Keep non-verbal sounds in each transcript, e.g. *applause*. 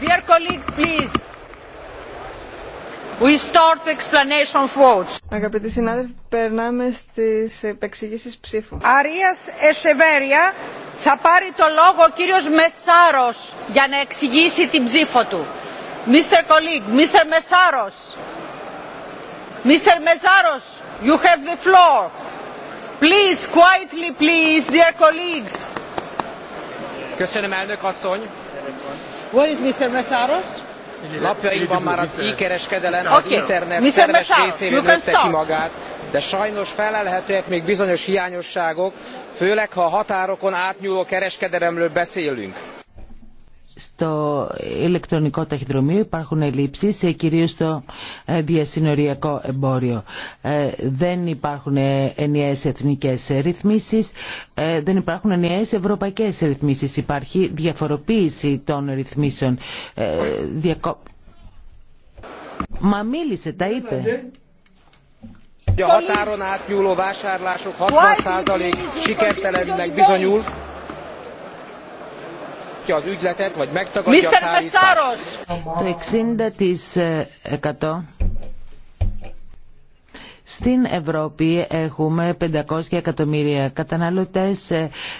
Dear colleagues, please. We start the explanation of votes. Αγαπητοί συνάδελφοι, περνάμε στις επεξηγήσεις ψήφου. Αρίας Εσεβέρια θα πάρει το λόγο ο κύριος Μεσάρος για να εξηγήσει την ψήφο του. Mr. Colleague, Mr. Μεσάρος. Mr. Μεσάρος, you have the floor. Please, quietly, please, dear colleagues. Köszönöm, elnök asszony. Where is Mr. Messaros? Lapjaiban már az e-kereskedelem az internet szerves részévé nőtte ki magát, de sajnos felelhetőek még bizonyos hiányosságok, főleg ha a határokon átnyúló kereskedelemről beszélünk στο ηλεκτρονικό ταχυδρομείο υπάρχουν ελλείψεις, ε, κυρίως στο ε, διασυνοριακό εμπόριο. Ε, δεν υπάρχουν ενιαίες εθνικές ρυθμίσεις, δεν υπάρχουν ενιαίες ευρωπαϊκές ρυθμίσεις. Υπάρχει διαφοροποίηση των ρυθμίσεων. Διακο... Μα μίλησε, τα είπε. A határon átnyúló vásárlások 60%-ig sikertelennek bizonyul. Το 60% στην Ευρώπη έχουμε 500 εκατομμύρια καταναλωτές.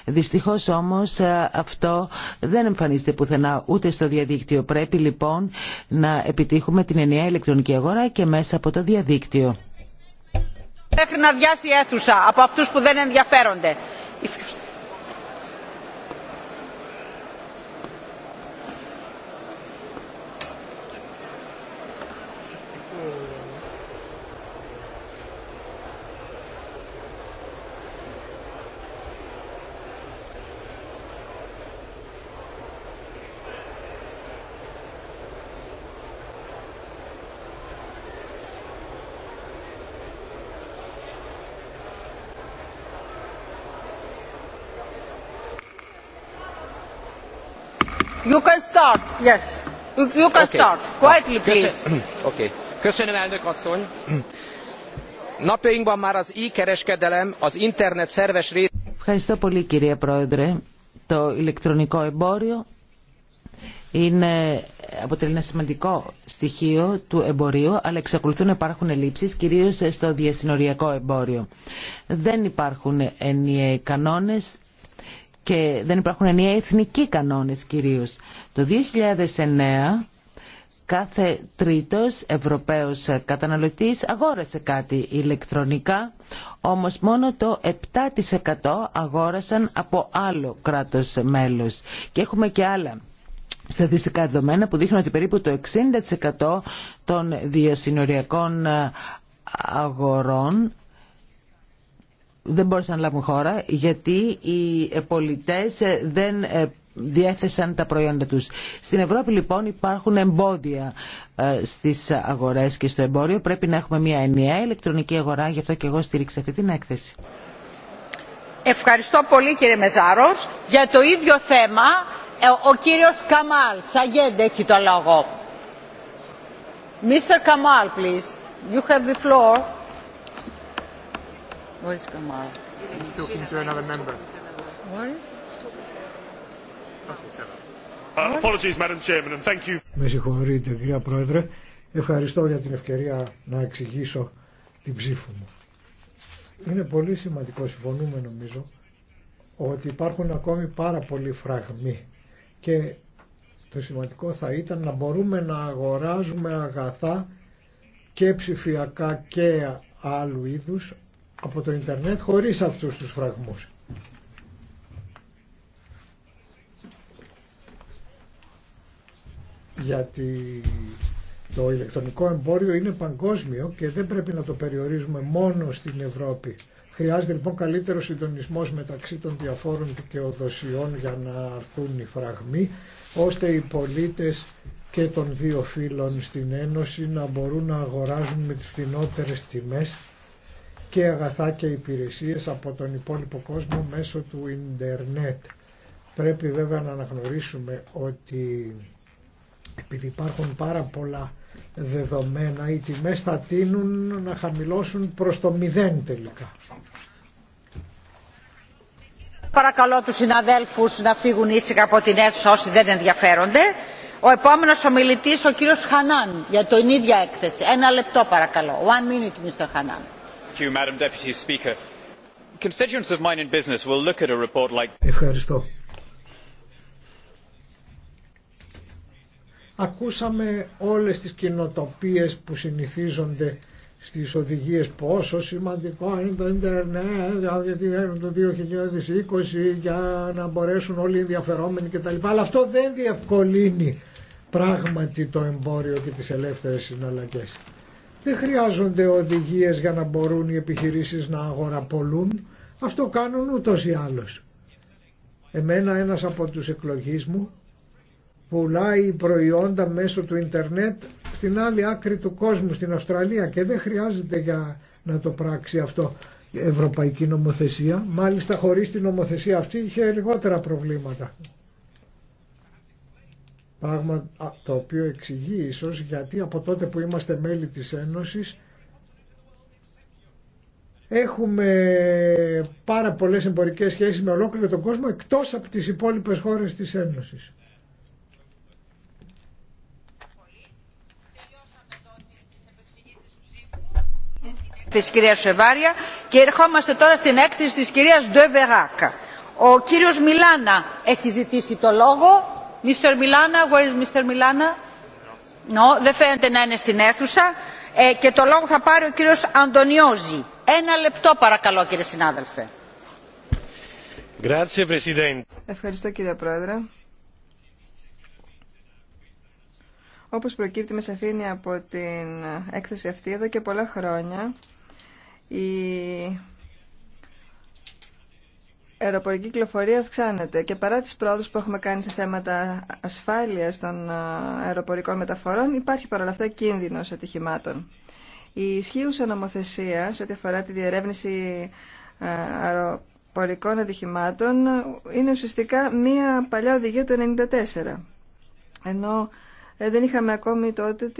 Δυστυχώς όμως αυτό δεν εμφανίζεται πουθενά ούτε στο διαδίκτυο. Πρέπει λοιπόν να επιτύχουμε την ενιαία ηλεκτρονική αγορά και μέσα από το διαδίκτυο. Μέχρι να βιάσει η αίθουσα από αυτούς που δεν ενδιαφέρονται. Yes. You can start. Quietly, please. *clears throat* Okay. Köszönöm, elnök asszony. *clears throat* Napjainkban már az e-kereskedelem, az internet szerves része... Ευχαριστώ πολύ, κύριε Πρόεδρε. Το ηλεκτρονικό εμπόριο είναι, αποτελεί ένα σημαντικό στοιχείο του εμπορίου, αλλά εξακολουθούν να υπάρχουν ελλείψεις, κυρίως στο διασυνοριακό εμπόριο. Δεν υπάρχουν ενιαίοι κανόνες, και δεν υπάρχουν ενιαίοι εθνικοί κανόνες κυρίως. Το 2009 κάθε τρίτος Ευρωπαίος καταναλωτής αγόρασε κάτι ηλεκτρονικά, όμως μόνο το 7% αγόρασαν από άλλο κράτος μέλος. Και έχουμε και άλλα στατιστικά δεδομένα που δείχνουν ότι περίπου το 60% των διασυνοριακών αγορών δεν μπόρεσαν να λάβουν χώρα γιατί οι πολιτές ε, δεν ε, διέθεσαν τα προϊόντα τους. Στην Ευρώπη λοιπόν υπάρχουν εμπόδια ε, στις αγορές και στο εμπόριο. Πρέπει να έχουμε μια ενιαία ηλεκτρονική αγορά, γι' αυτό και εγώ στήριξα αυτή την έκθεση. Ευχαριστώ πολύ κύριε Μεζάρος. Για το ίδιο θέμα ο κύριος Καμάλ Σαγέντ έχει το λόγο. Mr. please. You have the floor. Με συγχωρείτε, κυρία Πρόεδρε. Ευχαριστώ για την ευκαιρία να εξηγήσω την ψήφο μου. Είναι πολύ σημαντικό, συμφωνούμε νομίζω, ότι υπάρχουν ακόμη πάρα πολλοί φραγμοί και το σημαντικό θα ήταν να μπορούμε να αγοράζουμε αγαθά και ψηφιακά και άλλου είδους από το Ιντερνετ χωρίς αυτούς τους φραγμούς. Γιατί το ηλεκτρονικό εμπόριο είναι παγκόσμιο και δεν πρέπει να το περιορίζουμε μόνο στην Ευρώπη. Χρειάζεται λοιπόν καλύτερο συντονισμό μεταξύ των διαφόρων δικαιοδοσιών για να αρθούν οι φραγμοί, ώστε οι πολίτες και των δύο φύλων στην Ένωση να μπορούν να αγοράζουν με τις φθηνότερες τιμές και αγαθά και υπηρεσίες από τον υπόλοιπο κόσμο μέσω του ίντερνετ. Πρέπει βέβαια να αναγνωρίσουμε ότι επειδή υπάρχουν πάρα πολλά δεδομένα οι τιμές θα τείνουν να χαμηλώσουν προς το μηδέν τελικά. Παρακαλώ τους συναδέλφους να φύγουν ήσυχα από την αίθουσα όσοι δεν ενδιαφέρονται. Ο επόμενος ομιλητής ο κύριος Χανάν για την ίδια έκθεση. Ένα λεπτό παρακαλώ. One minute, Mr. Χανάν. Madam Deputy Ευχαριστώ. Ακούσαμε όλες τις κοινοτοπίες που συνηθίζονται στις οδηγίες πόσο σημαντικό είναι το Ιντερνετ δηλαδή το 2020 για να μπορέσουν όλοι οι ενδιαφερόμενοι κτλ. Αλλά αυτό δεν διευκολύνει πράγματι το εμπόριο και τις ελεύθερες συναλλαγές. Δεν χρειάζονται οδηγίες για να μπορούν οι επιχειρήσεις να αγοραπολούν. Αυτό κάνουν ούτως ή άλλως. Εμένα ένας από τους εκλογείς μου πουλάει προϊόντα μέσω του ίντερνετ στην άλλη άκρη του κόσμου, στην Αυστραλία και δεν χρειάζεται για να το πράξει αυτό ευρωπαϊκή νομοθεσία. Μάλιστα χωρίς την νομοθεσία αυτή είχε λιγότερα προβλήματα. Πράγμα το οποίο εξηγεί ίσως γιατί από τότε που είμαστε μέλη της Ένωσης έχουμε πάρα πολλές εμπορικές σχέσεις με ολόκληρο τον κόσμο εκτός από τις υπόλοιπες χώρες της Ένωσης. της κυρίας Σεβάρια και ερχόμαστε τώρα στην έκθεση της κυρίας Ντεβεράκα. Ο κύριος Μιλάνα έχει ζητήσει το λόγο. Mr. Milana, where is Mr. Milana? No, δεν φαίνεται να είναι στην αίθουσα. Ε, και το λόγο θα πάρει ο κύριος Αντωνιώζη. Ένα λεπτό παρακαλώ κύριε συνάδελφε. Ευχαριστώ κύριε Πρόεδρε. Όπως προκύπτει με σαφήνεια από την έκθεση αυτή, εδώ και πολλά χρόνια η αεροπορική κυκλοφορία αυξάνεται και παρά τις πρόοδους που έχουμε κάνει σε θέματα ασφάλειας των αεροπορικών μεταφορών υπάρχει παρόλα αυτά κίνδυνος ατυχημάτων. Η ισχύουσα νομοθεσία σε ό,τι αφορά τη διερεύνηση αεροπορικών ατυχημάτων είναι ουσιαστικά μία παλιά οδηγία του 1994. Ενώ ε, δεν είχαμε ακόμη τότε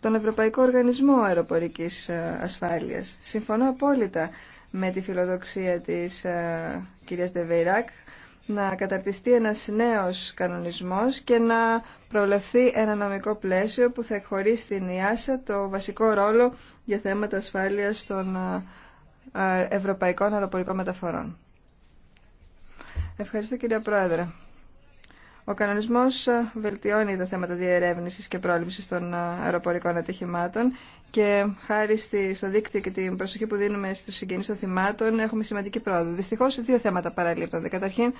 τον Ευρωπαϊκό Οργανισμό Αεροπορικής Ασφάλειας. Συμφωνώ απόλυτα με τη φιλοδοξία της ε, κυρίας Δεβέρακ να καταρτιστεί ένας νέος κανονισμός και να προβλεφθεί ένα νομικό πλαίσιο που θα εκχωρεί στην ΙΑΣΑ το βασικό ρόλο για θέματα ασφάλειας των ε, ευρωπαϊκών αεροπορικών μεταφορών. Ευχαριστώ κυρία Πρόεδρε. Ο κανονισμό ε, βελτιώνει τα θέματα διερεύνησης και πρόληψης των ε, αεροπορικών ατυχημάτων και χάρη στο δίκτυο και την προσοχή που δίνουμε στου συγγενείς των θυμάτων έχουμε σημαντική πρόοδο. Δυστυχώ δύο θέματα παραλείπτονται. Καταρχήν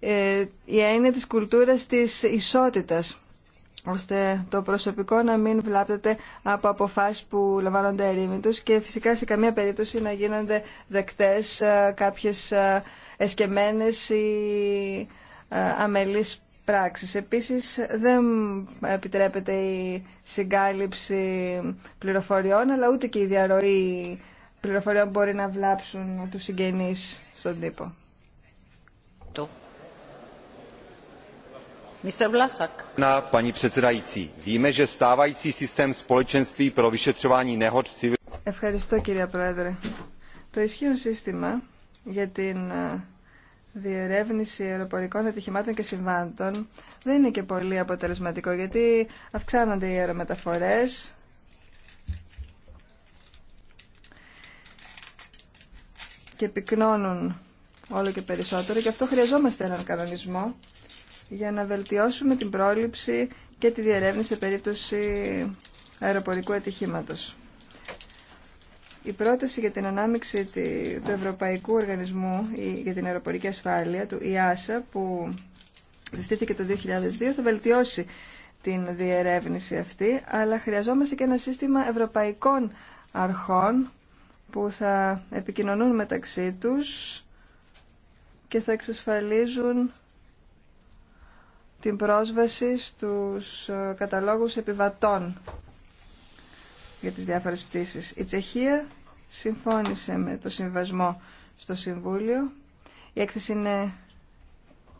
ε, η έννοια τη κουλτούρα τη ισότητα, ώστε το προσωπικό να μην βλάπτεται από αποφάσεις που λαμβάνονται ερήμοι τους και φυσικά σε καμία περίπτωση να γίνονται δεκτές κάποιες εσκεμμένες ή ε, αμελής πράξης. Επίσης δεν επιτρέπεται η συγκάλυψη πληροφοριών αλλά ούτε και η διαρροή πληροφοριών μπορεί να βλάψουν τους συγγενείς στον τύπο. Ευχαριστώ κύριε Πρόεδρε. Το ισχύον σύστημα για την ε, διερεύνηση αεροπορικών ατυχημάτων και συμβάντων δεν είναι και πολύ αποτελεσματικό γιατί αυξάνονται οι αερομεταφορές και πυκνώνουν όλο και περισσότερο και αυτό χρειαζόμαστε έναν κανονισμό για να βελτιώσουμε την πρόληψη και τη διερεύνηση σε περίπτωση αεροπορικού ατυχήματος. Η πρόταση για την ανάμειξη του Ευρωπαϊκού Οργανισμού για την Αεροπορική Ασφάλεια, του ΙΑΣΑ, που ζητήθηκε το 2002, θα βελτιώσει την διερεύνηση αυτή, αλλά χρειαζόμαστε και ένα σύστημα ευρωπαϊκών αρχών που θα επικοινωνούν μεταξύ τους και θα εξασφαλίζουν την πρόσβαση στους ε, καταλόγους επιβατών για τις διάφορες πτήσεις. Η Τσεχία συμφώνησε με το συμβασμό στο Συμβούλιο. Η έκθεση είναι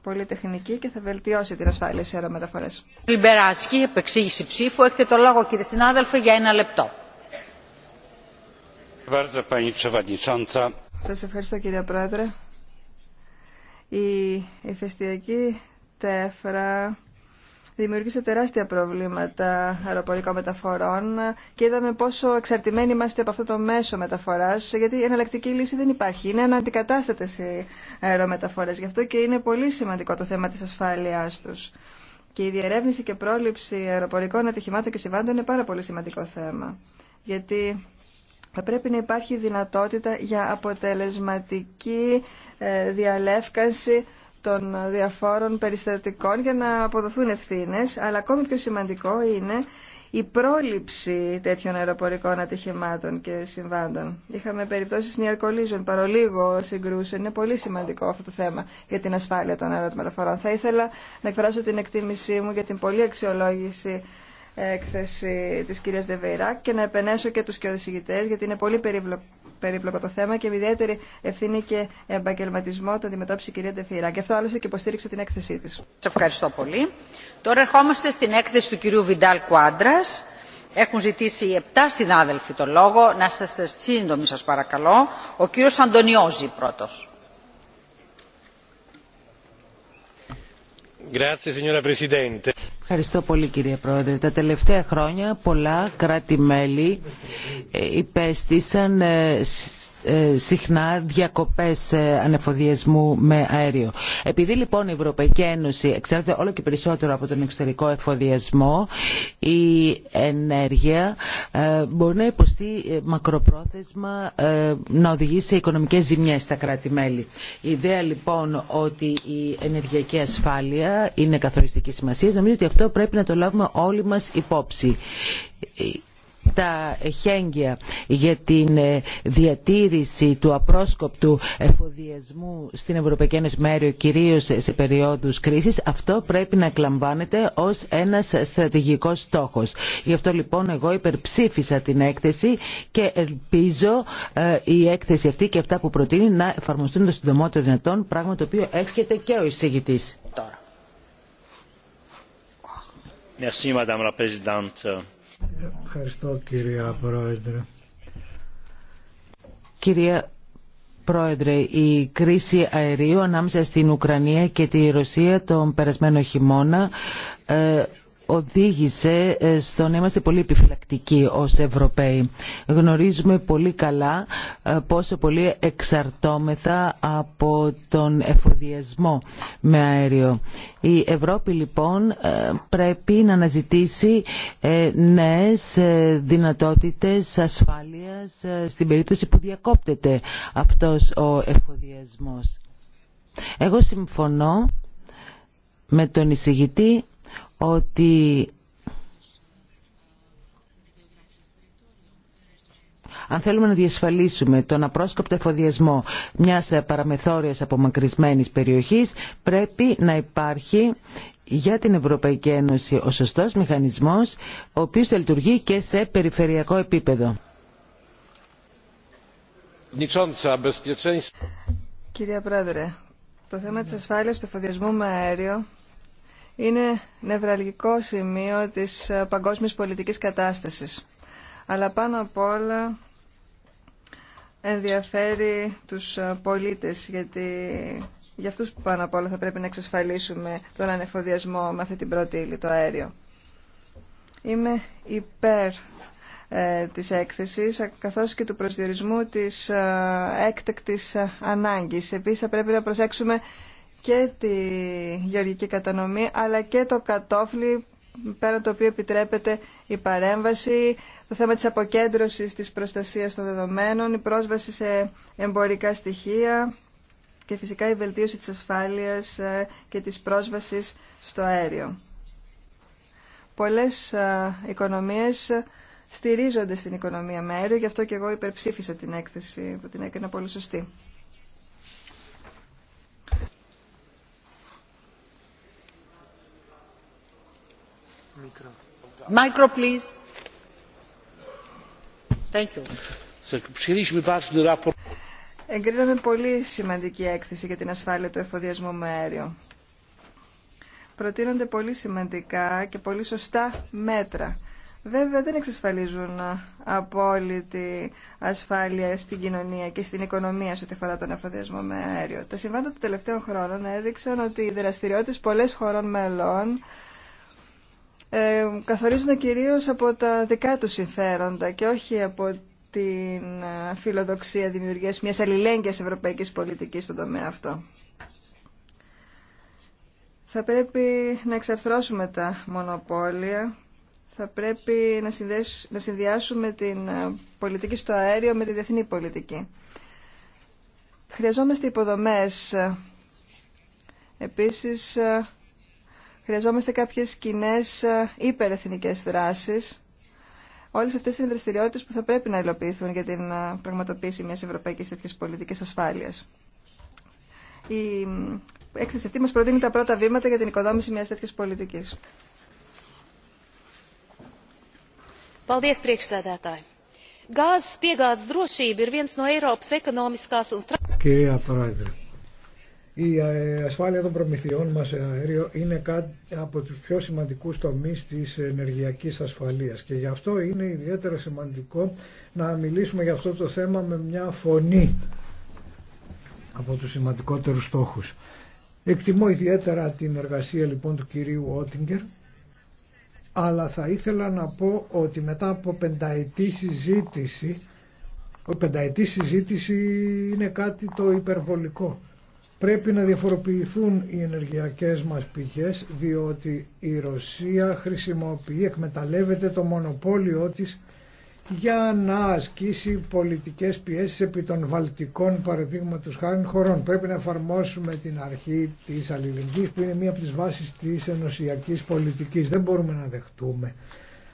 πολύ τεχνική και θα βελτιώσει την ασφάλεια σε αερομεταφορές. Λιμπεράτσκι, επεξήγηση ψήφου. Έχετε το λόγο κύριε συνάδελφε για ένα λεπτό. Σας ευχαριστώ κύριε Πρόεδρε. Η ηφαιστειακή τέφρα δημιούργησε τεράστια προβλήματα αεροπορικών μεταφορών και είδαμε πόσο εξαρτημένοι είμαστε από αυτό το μέσο μεταφορά. γιατί η εναλλακτική λύση δεν υπάρχει. Είναι αναντικατάστατε οι αερομεταφορές, γι' αυτό και είναι πολύ σημαντικό το θέμα τη ασφάλεια του. Και η διερεύνηση και πρόληψη αεροπορικών ατυχημάτων και συμβάντων είναι πάρα πολύ σημαντικό θέμα. Γιατί θα πρέπει να υπάρχει δυνατότητα για αποτελεσματική ε, διαλεύκανση των διαφόρων περιστατικών για να αποδοθούν ευθύνε, αλλά ακόμη πιο σημαντικό είναι η πρόληψη τέτοιων αεροπορικών ατυχημάτων και συμβάντων. Είχαμε περιπτώσεις near collision, παρολίγο συγκρούσεων. Είναι πολύ σημαντικό αυτό το θέμα για την ασφάλεια των αεροτομεταφορών. Θα ήθελα να εκφράσω την εκτίμησή μου για την πολύ αξιολόγηση έκθεση της κυρίας Δεβεϊράκ και να επενέσω και τους κοιοδησηγητές γιατί είναι πολύ περίπλοκο το θέμα και με ιδιαίτερη ευθύνη και επαγγελματισμό το αντιμετώπισε η κυρία Ντεφύρα. Και αυτό άλλωστε και υποστήριξε την έκθεσή τη. Σα ευχαριστώ πολύ. Τώρα ερχόμαστε στην έκθεση του κυρίου Βιντάλ Κουάντρα. Έχουν ζητήσει επτά συνάδελφοι το λόγο. Να είστε σύντομοι, σα παρακαλώ. Ο κύριο Αντωνιώζη πρώτο. Ευχαριστώ πολύ κύριε Πρόεδρε. Τα τελευταία χρόνια πολλά κράτη-μέλη ε, υπέστησαν ε, ε, συχνά διακοπές ε, ανεφοδιασμού με αέριο. Επειδή λοιπόν η Ευρωπαϊκή Ένωση εξαρτάται όλο και περισσότερο από τον εξωτερικό εφοδιασμό, η ενέργεια ε, μπορεί να υποστεί μακροπρόθεσμα να οδηγήσει σε οικονομικές ζημιές στα κράτη-μέλη. Η ιδέα λοιπόν ότι η ενεργειακή ασφάλεια είναι καθοριστική σημασία, νομίζω ότι αυτό πρέπει να το λάβουμε όλοι μας υπόψη τα χέγγια για την ε, διατήρηση του απρόσκοπτου εφοδιασμού στην Ευρωπαϊκή Ένωση Μέριο κυρίως σε περιόδους κρίσης αυτό πρέπει να εκλαμβάνεται ως ένας στρατηγικός στόχος. Γι' αυτό λοιπόν εγώ υπερψήφισα την έκθεση και ελπίζω ε, η έκθεση αυτή και αυτά που προτείνει να εφαρμοστούν το συντομότερο δυνατόν πράγμα το οποίο εύχεται και ο εισηγητής. Merci, Madame la Présidente. Ευχαριστώ κυρία Πρόεδρε. Κυρία Πρόεδρε, η κρίση αερίου ανάμεσα στην Ουκρανία και τη Ρωσία τον περασμένο χειμώνα ε, οδήγησε ε, στο να είμαστε πολύ επιφυλακτικοί ως Ευρωπαίοι. Γνωρίζουμε πολύ καλά ε, πόσο πολύ εξαρτώμεθα από τον εφοδιασμό με αέριο. Η Ευρώπη λοιπόν ε, πρέπει να αναζητήσει νέες δυνατότητες ασφάλειας στην περίπτωση που διακόπτεται αυτός ο εφοδιασμός. Εγώ συμφωνώ με τον εισηγητή ότι αν θέλουμε να διασφαλίσουμε τον απρόσκοπτο εφοδιασμό μιας παραμεθόριας απομακρυσμένης περιοχής, πρέπει να υπάρχει για την Ευρωπαϊκή Ένωση ο σωστός μηχανισμός, ο οποίος θα λειτουργεί και σε περιφερειακό επίπεδο. Κυρία Πρόεδρε, το θέμα της ασφάλειας του εφοδιασμού με αέριο είναι νευραλγικό σημείο της ε, παγκόσμιας πολιτικής κατάστασης. Αλλά πάνω απ' όλα ενδιαφέρει τους ε, πολίτες, γιατί για αυτούς πάνω απ' όλα θα πρέπει να εξασφαλίσουμε τον ανεφοδιασμό με αυτή την πρώτη ύλη, το αέριο. Είμαι υπέρ ε, της έκθεσης, καθώς και του προσδιορισμού της ε, έκτακτης ανάγκης. Επίσης, θα πρέπει να προσέξουμε και τη γεωργική κατανομή αλλά και το κατόφλι πέραν το οποίο επιτρέπεται η παρέμβαση, το θέμα της αποκέντρωσης της προστασίας των δεδομένων, η πρόσβαση σε εμπορικά στοιχεία και φυσικά η βελτίωση της ασφάλειας ε, και της πρόσβασης στο αέριο. Πολλές ε, οικονομίες στηρίζονται στην οικονομία με αέριο, γι' αυτό και εγώ υπερψήφισα την έκθεση που την έκανα πολύ σωστή. Εγκρίναμε πολύ σημαντική έκθεση για την ασφάλεια του εφοδιασμού με αέριο. Προτείνονται πολύ σημαντικά και πολύ σωστά μέτρα. Βέβαια δεν εξασφαλίζουν απόλυτη ασφάλεια στην κοινωνία και στην οικονομία σε ό,τι αφορά τον εφοδιασμό με αέριο. Τα συμβάντα των τελευταίων χρόνων έδειξαν ότι οι δραστηριότητες πολλές χωρών μελών ε, καθορίζονται κυρίως από τα δικά του συμφέροντα και όχι από την ε, φιλοδοξία δημιουργίας μιας αλληλέγγυας ευρωπαϊκής πολιτικής στον τομέα αυτό. Θα πρέπει να εξαρθρώσουμε τα μονοπόλια, θα πρέπει να, να συνδυάσουμε την ε, πολιτική στο αέριο με τη διεθνή πολιτική. Χρειαζόμαστε υποδομές. Επίσης, Χρειαζόμαστε κάποιες κοινέ ε, υπερεθνικές δράσεις. Όλες αυτές είναι δραστηριότητες που θα πρέπει να υλοποιηθούν για την ε, πραγματοποίηση μιας ευρωπαϊκής τέτοιας πολιτικής ασφάλειας. Η ε, έκθεση αυτή μας προτείνει τα πρώτα βήματα για την οικοδόμηση μιας τέτοιας πολιτικής. Κυρία Πρόεδρε, η ε, ασφάλεια των προμηθειών μας ε, αέριο είναι κάτι από τους πιο σημαντικούς τομείς της ενεργειακής ασφαλείας και γι' αυτό είναι ιδιαίτερα σημαντικό να μιλήσουμε για αυτό το θέμα με μια φωνή από τους σημαντικότερους στόχους. Εκτιμώ ιδιαίτερα την εργασία λοιπόν του κυρίου Ότιγκερ αλλά θα ήθελα να πω ότι μετά από πενταετή συζήτηση πενταετή συζήτηση είναι κάτι το υπερβολικό Πρέπει να διαφοροποιηθούν οι ενεργειακές μας πηγές διότι η Ρωσία χρησιμοποιεί, εκμεταλλεύεται το μονοπόλιο της για να ασκήσει πολιτικές πιέσεις επί των βαλτικών παραδείγματος χάρη χωρών. Πρέπει να εφαρμόσουμε την αρχή της αλληλεγγύης που είναι μία από τις βάσεις της ενωσιακής πολιτικής. Δεν μπορούμε να δεχτούμε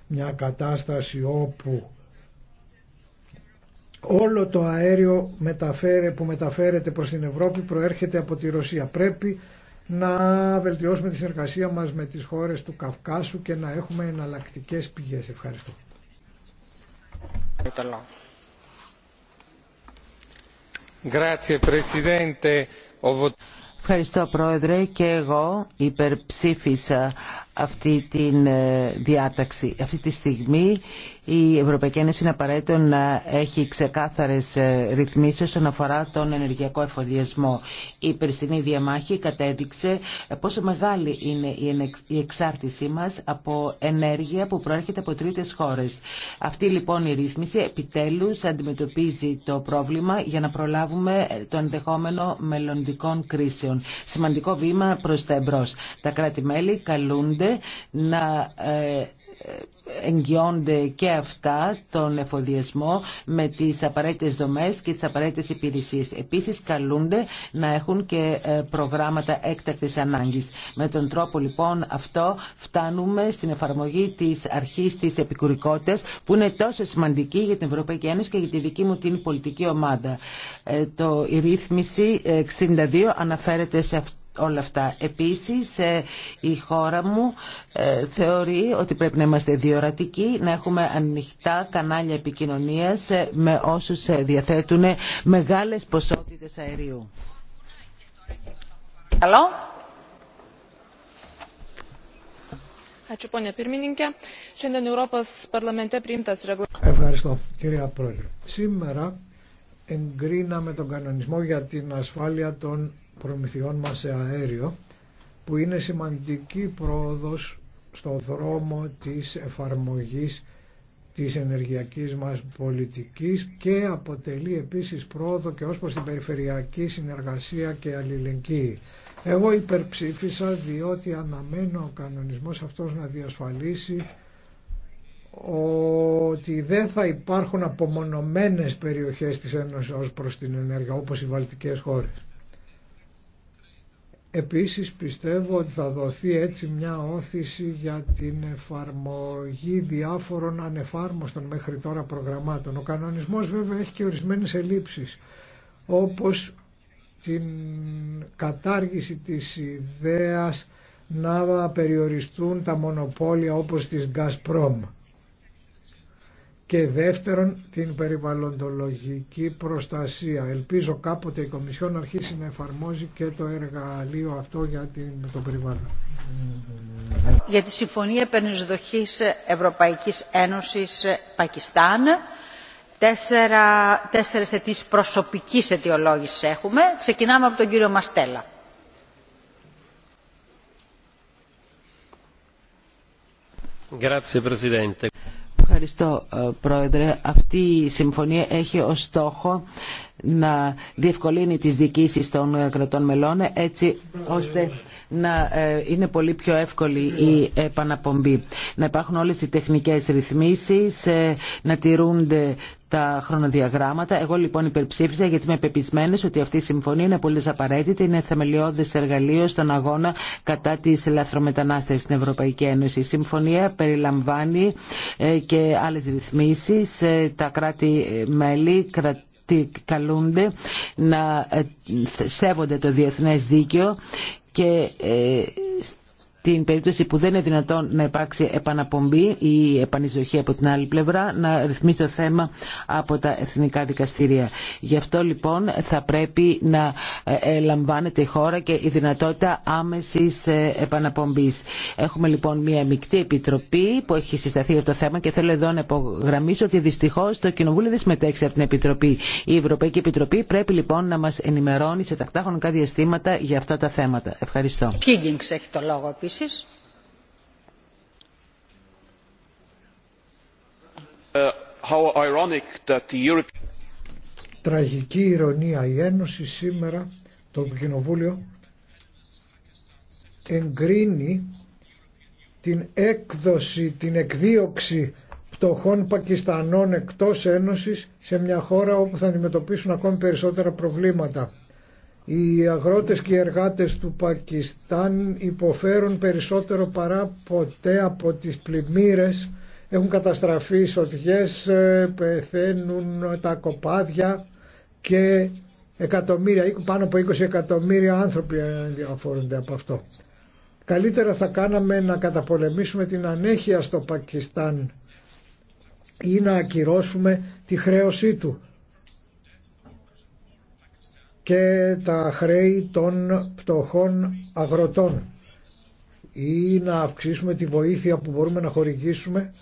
μια κατάσταση όπου όλο το αέριο μεταφέρε, που μεταφέρεται προς την Ευρώπη προέρχεται από τη Ρωσία. Πρέπει να βελτιώσουμε τη συνεργασία μας με τις χώρες του Καυκάσου και να έχουμε εναλλακτικέ πηγές. Ευχαριστώ. Ευχαριστώ Πρόεδρε και εγώ υπερψήφισα αυτή τη ε, διάταξη. Αυτή τη στιγμή η Ευρωπαϊκή Ένωση είναι απαραίτητο να έχει ξεκάθαρες ε, ρυθμίσεις όσον αφορά τον ενεργειακό εφοδιασμό. Η περσινή διαμάχη κατέδειξε πόσο μεγάλη είναι η εξάρτησή μας από ενέργεια που προέρχεται από τρίτες χώρες. Αυτή λοιπόν η ρύθμιση επιτέλους αντιμετωπίζει το πρόβλημα για να προλάβουμε το ενδεχόμενο μελλοντικών κρίσεων. Σημαντικό βήμα προς τα εμπρό. Τα κρατη καλούνται να ε, εγγυώνται και αυτά τον εφοδιασμό με τις απαραίτητες δομές και τις απαραίτητες υπηρεσίες. Επίσης καλούνται να έχουν και ε, προγράμματα έκτακτης ανάγκης. Με τον τρόπο λοιπόν αυτό φτάνουμε στην εφαρμογή της αρχής της επικουρικότητας που είναι τόσο σημαντική για την Ευρωπαϊκή Ένωση και για τη δική μου την πολιτική ομάδα. Ε, το, η ρύθμιση 62 αναφέρεται σε αυτό όλα αυτά. Επίσης, ε, η χώρα μου ε, θεωρεί ότι πρέπει να είμαστε διορατικοί, να έχουμε ανοιχτά κανάλια επικοινωνίας ε, με όσους διαθέτουν μεγάλες ποσότητες αερίου. Καλό. Ευχαριστώ, κυρία Πρόεδρε. Σήμερα εγκρίναμε τον κανονισμό για την ασφάλεια των προμηθειών μας σε αέριο που είναι σημαντική πρόοδος στο δρόμο της εφαρμογής της ενεργειακής μας πολιτικής και αποτελεί επίσης πρόοδο και ως προς την περιφερειακή συνεργασία και αλληλεγγύη. Εγώ υπερψήφισα διότι αναμένω ο κανονισμός αυτός να διασφαλίσει ότι δεν θα υπάρχουν απομονωμένες περιοχές της Ένωσης ως προς την ενέργεια όπως οι βαλτικές χώρες. Επίσης πιστεύω ότι θα δοθεί έτσι μια όθηση για την εφαρμογή διάφορων ανεφάρμοστων μέχρι τώρα προγραμμάτων. Ο κανονισμός βέβαια έχει και ορισμένες ελλείψεις, όπως την κατάργηση της ιδέας να περιοριστούν τα μονοπόλια όπως της Gazprom και δεύτερον την περιβαλλοντολογική προστασία. Ελπίζω κάποτε η Κομισιόν να αρχίσει να εφαρμόζει και το εργαλείο αυτό για την, το περιβάλλον. Για τη Συμφωνία Επενδυσδοχής Ευρωπαϊκής Ένωσης Πακιστάν τέσσερα, τέσσερες αιτήσεις προσωπικής έχουμε. Ξεκινάμε από τον κύριο Μαστέλα. Ευχαριστώ ε, Πρόεδρε. Αυτή η συμφωνία έχει ως στόχο να διευκολύνει τις διοικήσεις των κρατών μελών έτσι ώστε να ε, είναι πολύ πιο εύκολη η επαναπομπή. Να υπάρχουν όλες οι τεχνικές ρυθμίσεις, ε, να τηρούνται τα χρονοδιαγράμματα. Εγώ λοιπόν υπερψήφισα γιατί είμαι πεπισμένη ότι αυτή η συμφωνία είναι πολύ απαραίτητη. Είναι θεμελιώδε εργαλείο στον αγώνα κατά τη λαθρομετανάστευση στην Ευρωπαϊκή Ένωση. Η συμφωνία περιλαμβάνει ε, και άλλε ρυθμίσει. Τα κράτη-μέλη καλούνται να σέβονται το διεθνές δίκαιο και ε, την περίπτωση που δεν είναι δυνατόν να υπάρξει επαναπομπή ή επανεισδοχή από την άλλη πλευρά να ρυθμίσει το θέμα από τα εθνικά δικαστήρια. Γι' αυτό λοιπόν θα πρέπει να ε, ε, λαμβάνεται η επανεισοχη απο την αλλη πλευρα να ρυθμισει το θεμα απο τα εθνικα δικαστηρια γι αυτο λοιπον θα πρεπει να λαμβανεται η χωρα και η δυνατότητα άμεσης ε, επαναπομπής. Έχουμε λοιπόν μια μεικτή επιτροπή που έχει συσταθεί από το θέμα και θέλω εδώ να υπογραμμίσω ότι δυστυχώ το Κοινοβούλιο δεν συμμετέχει από την Επιτροπή. Η Ευρωπαϊκή Επιτροπή πρέπει λοιπόν να μα ενημερώνει σε τακτά χρονικά διαστήματα για αυτά τα θέματα. Ευχαριστώ. έχει το λόγο ε, how Τραγική ηρωνία η Ένωση σήμερα το Κοινοβούλιο εγκρίνει την έκδοση, την εκδίωξη πτωχών Πακιστανών εκτός Ένωσης σε μια χώρα όπου θα αντιμετωπίσουν ακόμη περισσότερα προβλήματα. Οι αγρότες και οι εργάτες του Πακιστάν υποφέρουν περισσότερο παρά ποτέ από τις πλημμύρες. Έχουν καταστραφεί σωτιές, ε, πεθαίνουν τα κοπάδια και εκατομμύρια, πάνω από 20 εκατομμύρια άνθρωποι αφορούνται από αυτό. Καλύτερα θα κάναμε να καταπολεμήσουμε την ανέχεια στο Πακιστάν ή να ακυρώσουμε τη χρέωσή του και τα χρέη των πτωχών αγροτών ή να αυξήσουμε τη βοήθεια που μπορούμε να χορηγήσουμε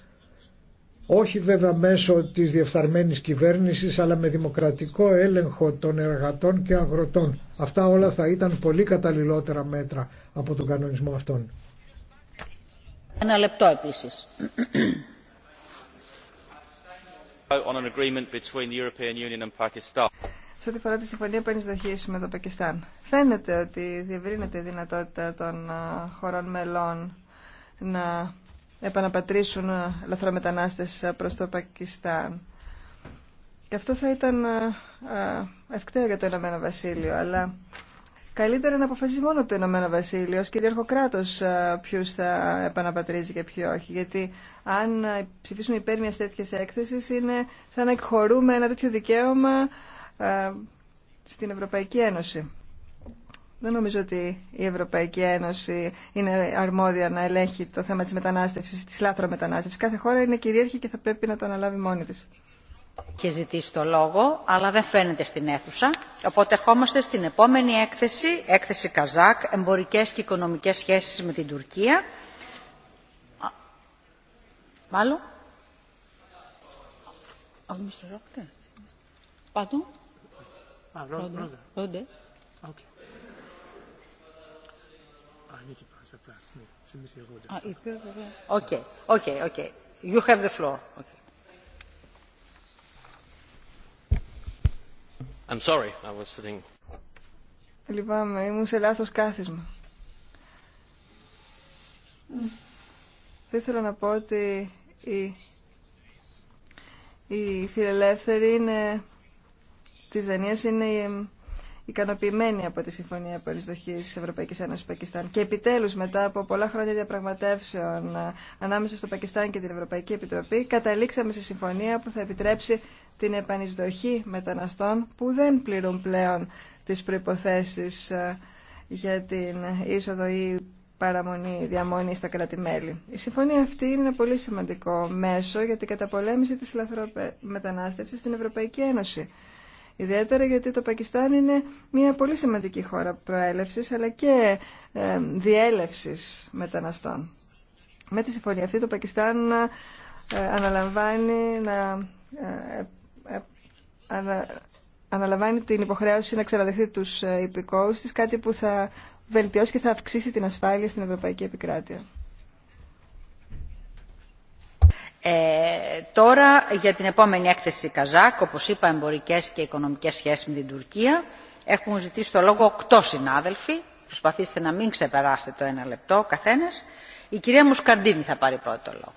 όχι βέβαια μέσω της διεφθαρμένης κυβέρνησης αλλά με δημοκρατικό έλεγχο των εργατών και αγροτών. Αυτά όλα θα ήταν πολύ καταλληλότερα μέτρα από τον κανονισμό αυτόν. Ένα λεπτό επίσης σε ό,τι αφορά τη συμφωνία πανεισδοχής με το Πακιστάν. Φαίνεται ότι διευρύνεται η δυνατότητα των χωρών μελών να επαναπατρίσουν λαθρομετανάστες προς το Πακιστάν. Και αυτό θα ήταν ευκταίο για το Ηνωμένο Βασίλειο, αλλά καλύτερα να αποφασίζει μόνο το Ηνωμένο Βασίλειο ως κυρίαρχο κράτος ποιους θα επαναπατρίζει και ποιοι όχι. Γιατί αν ψηφίσουμε υπέρ μιας τέτοιας έκθεσης είναι σαν να εκχωρούμε ένα τέτοιο δικαίωμα ε, στην Ευρωπαϊκή Ένωση. Δεν νομίζω ότι η Ευρωπαϊκή Ένωση είναι αρμόδια να ελέγχει το θέμα της μετανάστευσης, της λάθρο μετανάστευσης. Κάθε χώρα είναι κυρίαρχη και θα πρέπει να το αναλάβει μόνη της. Και ζητήσει το λόγο, αλλά δεν φαίνεται στην αίθουσα. Οπότε ερχόμαστε στην επόμενη έκθεση, έκθεση Καζάκ, εμπορικές και οικονομικές σχέσεις με την Τουρκία. Μάλλον. Παντού. I'm sorry, I was sitting. Λυπάμαι, ήμουν σε λάθος κάθισμα. Δεν θέλω να πω ότι οι φιλελεύθεροι είναι της Δανία είναι ικανοποιημένη από τη Συμφωνία τη Ευρωπαϊκή Πακιστάν. Και επιτέλου, μετά από πολλά χρόνια διαπραγματεύσεων ε, ανάμεσα στο Πακιστάν και την Ευρωπαϊκή Επιτροπή καταλήξαμε σε συμφωνία που θα επιτρέψει την επανεισδοχή μεταναστών που δεν πληρούν πλέον τι προποθέσει ε, για την είσοδο ή παραμονή διαμονή στα κράτη-μέλη. Η συμφωνία αυτή είναι ένα πολύ σημαντικό μέσο για την καταπολέμηση της λαθρομετανάστευση στην Ευρωπαϊκή Ένωση. Ιδιαίτερα γιατί το Πακιστάν είναι μια πολύ σημαντική χώρα προέλευσης αλλά και ε, διέλευσης μεταναστών. Με τη συμφωνία αυτή το Πακιστάν ε, αναλαμβάνει να ε, αναλαμβάνει την υποχρέωση να ξαναδεχθεί τους υπηκόους της, κάτι που θα βελτιώσει και θα αυξήσει την ασφάλεια στην Ευρωπαϊκή Επικράτεια. Ε, τώρα για την επόμενη έκθεση Καζάκ, όπως είπα εμπορικές και οικονομικές σχέσεις με την Τουρκία, έχουν ζητήσει το λόγο οκτώ συνάδελφοι. Προσπαθήστε να μην ξεπεράσετε το ένα λεπτό ο καθένας. Η κυρία Μουσκαρντίνη θα πάρει πρώτο λόγο.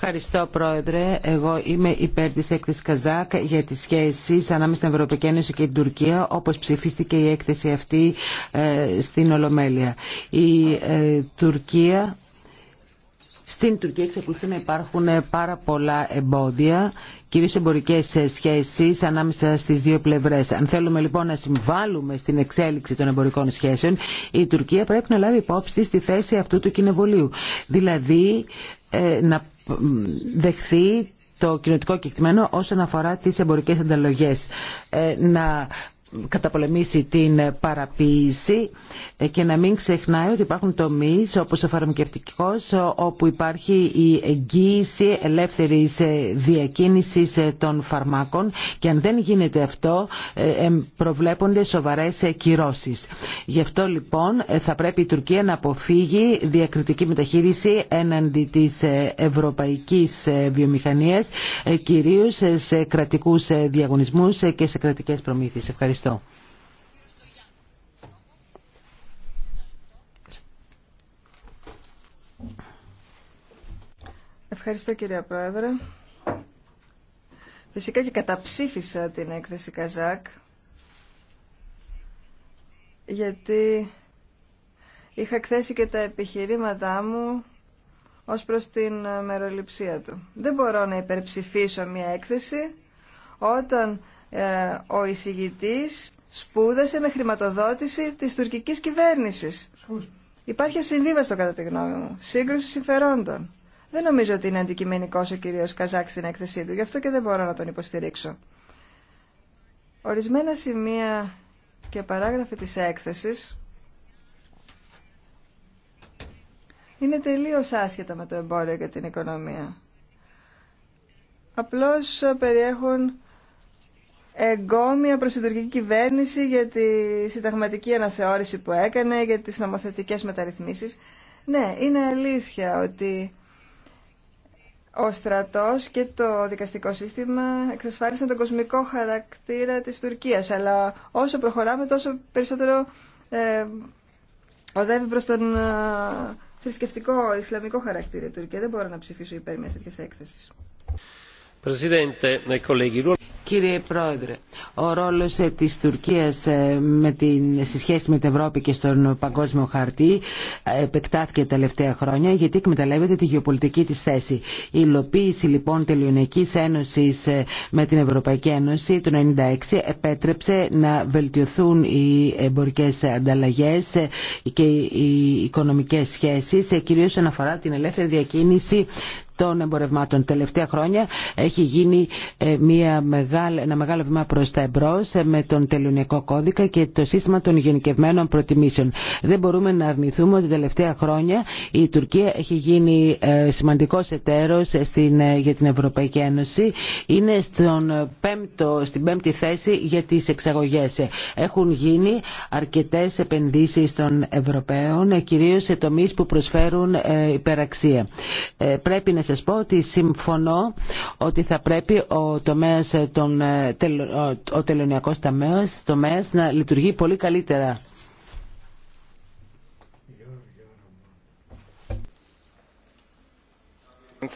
Ευχαριστώ Πρόεδρε. Εγώ είμαι υπέρ της έκθεσης Καζάκ για τις σχέσεις ανάμεσα στην Ευρωπαϊκή Ένωση και την Τουρκία όπως ψηφίστηκε η έκθεση αυτή ε, στην Ολομέλεια. Η ε, Τουρκία... Στην Τουρκία εξακολουθεί να υπάρχουν ε, πάρα πολλά εμπόδια κυρίως εμπορικές σχέσεις ανάμεσα στις δύο πλευρές. Αν θέλουμε λοιπόν να συμβάλλουμε στην εξέλιξη των εμπορικών σχέσεων, η Τουρκία πρέπει να λάβει υπόψη στη θέση αυτού του κοινοβουλίου. Δηλαδή ε, να δεχθεί το κοινωτικό κεκτημένο όσον αφορά τις εμπορικές ανταλλογές. Ε, να καταπολεμήσει την παραποίηση και να μην ξεχνάει ότι υπάρχουν τομείς όπως ο φαρμακευτικός όπου υπάρχει η εγγύηση ελεύθερης διακίνησης των φαρμάκων και αν δεν γίνεται αυτό ε, ε, προβλέπονται σοβαρές κυρώσεις. Γι' αυτό λοιπόν θα πρέπει η Τουρκία να αποφύγει διακριτική μεταχείριση έναντι της ευρωπαϊκής βιομηχανίας ε, κυρίως σε κρατικούς διαγωνισμούς και σε κρατικές προμήθειες. Ευχαριστώ. Ευχαριστώ κυρία Πρόεδρε. Φυσικά και καταψήφισα την έκθεση Καζάκ γιατί είχα εκθέσει και τα επιχειρήματά μου ως προς την μεροληψία του. Δεν μπορώ να υπερψηφίσω μια έκθεση όταν ε, ο εισηγητής σπούδασε με χρηματοδότηση της τουρκικής κυβέρνησης. Υπάρχει ασυμβίβαστο κατά τη γνώμη μου. Σύγκρουση συμφερόντων. Δεν νομίζω ότι είναι αντικειμενικό ο κύριο Καζάκ στην έκθεσή του, γι' αυτό και δεν μπορώ να τον υποστηρίξω. Ορισμένα σημεία και παράγραφοι της έκθεσης είναι τελείως άσχετα με το εμπόριο και την οικονομία. Απλώς περιέχουν εγκόμια προς την τουρκική κυβέρνηση για τη συνταγματική αναθεώρηση που έκανε, για τις νομοθετικές μεταρρυθμίσεις. Ναι, είναι αλήθεια ότι ο στρατός και το δικαστικό σύστημα εξασφάλισαν τον κοσμικό χαρακτήρα της Τουρκίας, αλλά όσο προχωράμε τόσο περισσότερο ε, οδεύει προς τον ε, θρησκευτικό ισλαμικό χαρακτήρα η Τουρκία. Δεν μπορώ να ψηφίσω υπέρ μιας τέτοιας έκθεσης. Eh, Κύριε Πρόεδρε, ο ρόλος ε, της Τουρκίας ε, με στη σχέση με την Ευρώπη και στον παγκόσμιο χαρτί ε, επεκτάθηκε τα τελευταία χρόνια γιατί εκμεταλλεύεται τη γεωπολιτική της θέση. Η υλοποίηση λοιπόν τελειονικής ένωσης με την Ευρωπαϊκή Ένωση το 1996 επέτρεψε να βελτιωθούν οι εμπορικές ανταλλαγές και οι οικονομικές σχέσεις κυρίως αναφορά την ελεύθερη διακίνηση των εμπορευμάτων. Τελευταία χρόνια έχει γίνει ε, μια μεγάλη, ένα μεγάλο βήμα προ τα εμπρό ε, με τον τελωνιακό κώδικα και το σύστημα των γενικευμένων προτιμήσεων. Δεν μπορούμε να αρνηθούμε ότι τελευταία χρόνια η Τουρκία έχει γίνει ε, σημαντικό εταίρο για την Ευρωπαϊκή Ένωση. Είναι στον πέμπτο, στην πέμπτη θέση για τι εξαγωγέ. Έχουν γίνει αρκετέ επενδύσει των Ευρωπαίων, κυρίω σε τομεί που προσφέρουν υπεραξία. Πρέπει σας πω ότι συμφωνώ ότι θα πρέπει ο τομέας των, ε, ο τελωνιακός τομέας, τομέας να λειτουργεί πολύ καλύτερα.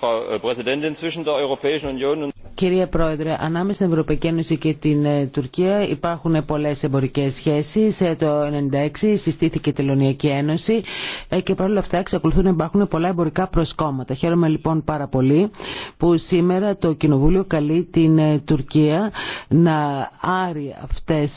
Frau Präsidentin, zwischen der Europäischen Union und Κυρία Πρόεδρε, ανάμεσα στην Ευρωπαϊκή Ένωση και την ε, Τουρκία υπάρχουν πολλές εμπορικές σχέσεις. Ε, το 1996 συστήθηκε η Τελωνιακή Ένωση ε, και παρόλα αυτά εξακολουθούν να υπάρχουν πολλά εμπορικά προσκόμματα. Χαίρομαι λοιπόν πάρα πολύ που σήμερα το Κοινοβούλιο καλεί την Τουρκία να άρει αυτές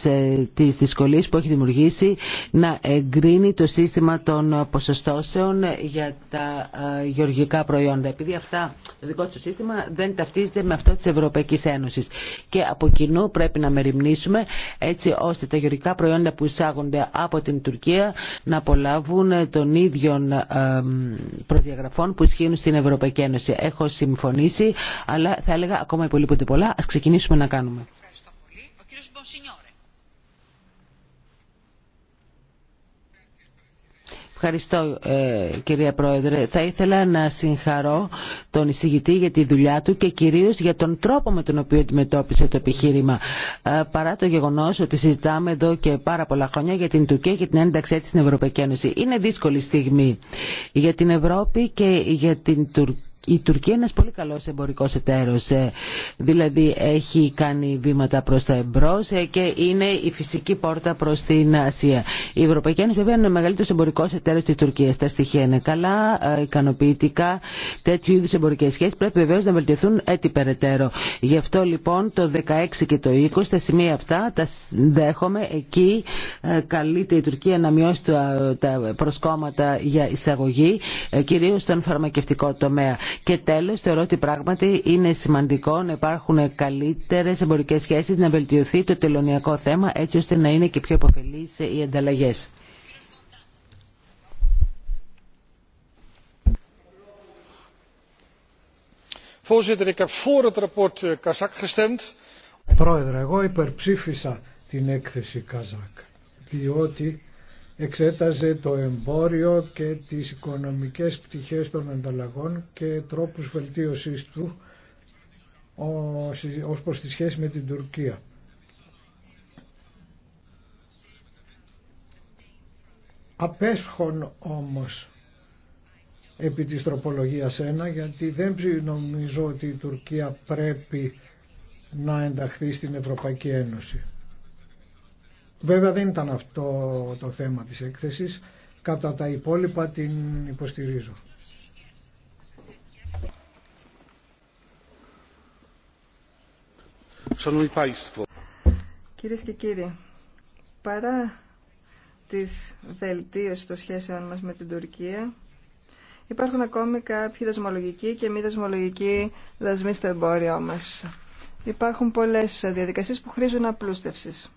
τι δυσκολίε που έχει δημιουργήσει να εγκρίνει το σύστημα των ποσοστώσεων για τα γεωργικά προϊόντα. Επειδή αυτά, το δικό του σύστημα δεν ταυτίζεται με αυτό της Ευρωπαϊκής Ένωσης. Και από κοινού πρέπει να μεριμνήσουμε έτσι ώστε τα γεωργικά προϊόντα που εισάγονται από την Τουρκία να απολαύουν των ίδιων προδιαγραφών που ισχύουν στην Ευρωπαϊκή Ένωση. Έχω συμφωνήσει, αλλά θα έλεγα ακόμα υπολείπονται πολλά. Ας ξεκινήσουμε να κάνουμε. Ευχαριστώ πολύ. Ο κύριος Μποσινιόρ. Ευχαριστώ ε, κυρία Πρόεδρε. Θα ήθελα να συγχαρώ τον εισηγητή για τη δουλειά του και κυρίως για τον τρόπο με τον οποίο αντιμετώπισε το επιχείρημα. Ε, παρά το γεγονός ότι συζητάμε εδώ και πάρα πολλά χρόνια για την Τουρκία και την ένταξή της στην Ευρωπαϊκή Ένωση. Είναι δύσκολη στιγμή για την Ευρώπη και για την Τουρκία η Τουρκία είναι ένας πολύ καλός εμπορικός εταίρος, ε, δηλαδή έχει κάνει βήματα προς τα εμπρός ε, και είναι η φυσική πόρτα προς την Ασία. Η Ευρωπαϊκή Ένωση βέβαια είναι ο μεγαλύτερος εμπορικός εταίρος της Τουρκίας. Τα στοιχεία είναι καλά, ε, ικανοποιητικά, τέτοιου είδους εμπορικές σχέσεις πρέπει βεβαίως να βελτιωθούν έτσι περαιτέρω. Γι' αυτό λοιπόν το 16 και το 20, τα σημεία αυτά τα δέχομαι, εκεί καλείται η Τουρκία να μειώσει τα προσκόμματα για εισαγωγή, κυρίως στον φαρμακευτικό τομέα. Και τέλος, θεωρώ ότι πράγματι είναι σημαντικό να υπάρχουν καλύτερες εμπορικές σχέσεις, να βελτιωθεί το τελωνιακό θέμα έτσι ώστε να είναι και πιο υποφελείς οι ανταλλαγές. Eh, Πρόεδρε, εγώ υπερψήφισα την έκθεση Καζάκ, διότι εξέταζε το εμπόριο και τις οικονομικές πτυχές των ανταλλαγών και τρόπους βελτίωσης του ως προς τη σχέση με την Τουρκία. Απέσχον όμως επί της τροπολογίας ένα γιατί δεν νομίζω ότι η Τουρκία πρέπει να ενταχθεί στην Ευρωπαϊκή Ένωση. Βέβαια δεν ήταν αυτό το θέμα της έκθεσης. Κατά τα υπόλοιπα την υποστηρίζω. Κυρίες και κύριοι, παρά της βελτίωση των σχέσεων μας με την Τουρκία, υπάρχουν ακόμη κάποιοι δασμολογικοί και μη δασμολογικοί δασμοί στο εμπόριό μας. Υπάρχουν πολλές διαδικασίες που χρήζουν απλούστευσης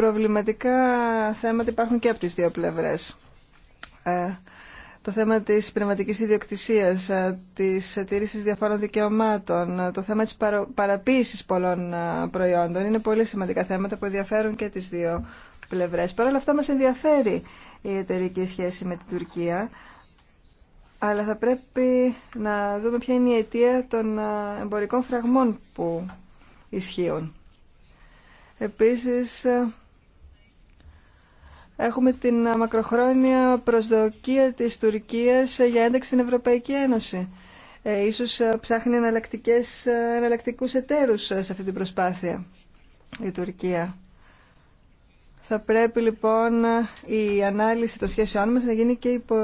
προβληματικά θέματα υπάρχουν και από τις δύο πλευρές. Ε, το θέμα της πνευματικής ιδιοκτησίας, ε, της τήρησης διαφόρων δικαιωμάτων, ε, το θέμα της παραποίησης πολλών προϊόντων είναι πολύ σημαντικά θέματα που ενδιαφέρουν και τις δύο πλευρές. Παρ' όλα αυτά μας ενδιαφέρει η εταιρική σχέση με την Τουρκία, αλλά θα πρέπει να δούμε ποια είναι η αιτία των εμπορικών φραγμών που ισχύουν. Επίσης, Έχουμε την μακροχρόνια προσδοκία της Τουρκίας για ένταξη στην Ευρωπαϊκή Ένωση. Ε, ίσως ε, ψάχνει ε, εναλλακτικούς εταίρους ε, σε αυτή την προσπάθεια η Τουρκία. Θα πρέπει λοιπόν η ανάλυση των σχέσεών μας να γίνει και υπό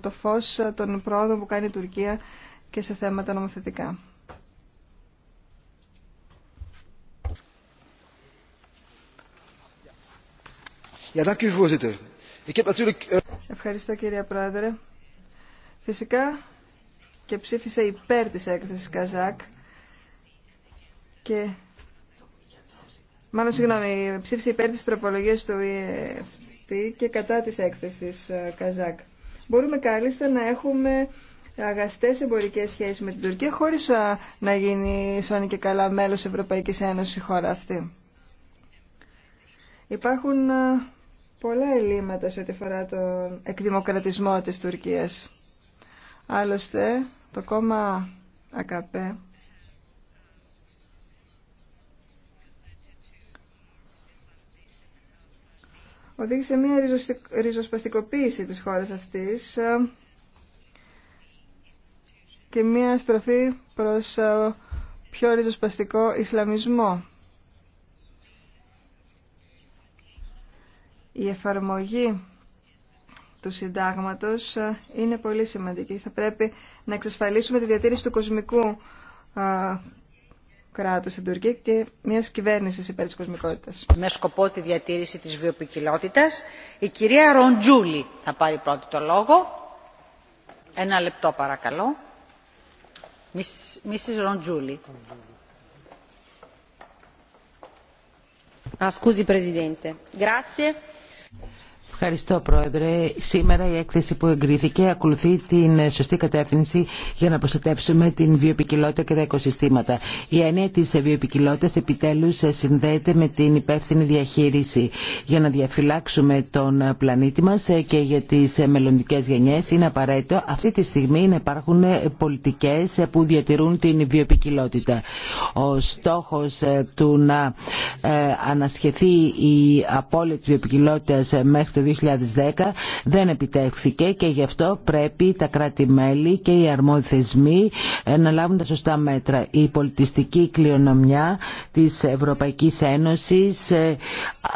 το φως των πρόοδων που κάνει η Τουρκία και σε θέματα νομοθετικά. Eh, Ευχαριστώ κύριε Πρόεδρε. Φυσικά και ψήφισα υπέρ της έκθεσης Καζάκ και μάλλον συγγνώμη, ψήφισα υπέρ της τροπολογίας του και κατά της έκθεσης ε, Καζάκ. Μπορούμε κάλλιστα να έχουμε αγαστές εμπορικές σχέσεις με την Τουρκία χωρίς ε, να γίνει σώνη και καλά μέλος Ευρωπαϊκής Ένωσης η χώρα αυτή. Υπάρχουν ε, πολλά ελλείμματα σε ό,τι αφορά τον εκδημοκρατισμό της Τουρκίας. Άλλωστε, το κόμμα ΑΚΠ οδήγησε μια ριζοσπαστικοποίηση της χώρας αυτής ε, και μια στροφή προς ε, πιο ριζοσπαστικό Ισλαμισμό. η εφαρμογή του συντάγματος ε, είναι πολύ σημαντική. Θα πρέπει να εξασφαλίσουμε τη διατήρηση του κοσμικού ε, κράτους στην Τουρκία και μια κυβέρνηση υπέρ της κοσμικότητας. Με σκοπό τη διατήρηση της βιοποικιλότητας, η κυρία Ροντζούλη θα πάρει πρώτο το λόγο. Ένα λεπτό παρακαλώ. Μίσης Ροντζούλη. scusi Presidente. Grazie. Ευχαριστώ Πρόεδρε. Σήμερα η έκθεση που εγκρίθηκε ακολουθεί την σωστή κατεύθυνση για να προστατεύσουμε την βιοπικιλότητα και τα οικοσυστήματα. Η έννοια της βιοπικιλότητας επιτέλους συνδέεται με την υπεύθυνη διαχείριση για να διαφυλάξουμε τον πλανήτη μας και για τις μελλοντικές γενιές είναι απαραίτητο αυτή τη στιγμή να υπάρχουν πολιτικές που διατηρούν την βιοπικιλότητα. Ο στόχος του να ε, ανασχεθεί η απόλυτη βιοπικιλότητα μέχρι το 2010 δεν επιτεύχθηκε και γι' αυτό πρέπει τα κράτη-μέλη και οι αρμόδιοι θεσμοί ε, να λάβουν τα σωστά μέτρα. Η πολιτιστική κληρονομιά της Ευρωπαϊκής Ένωσης ε,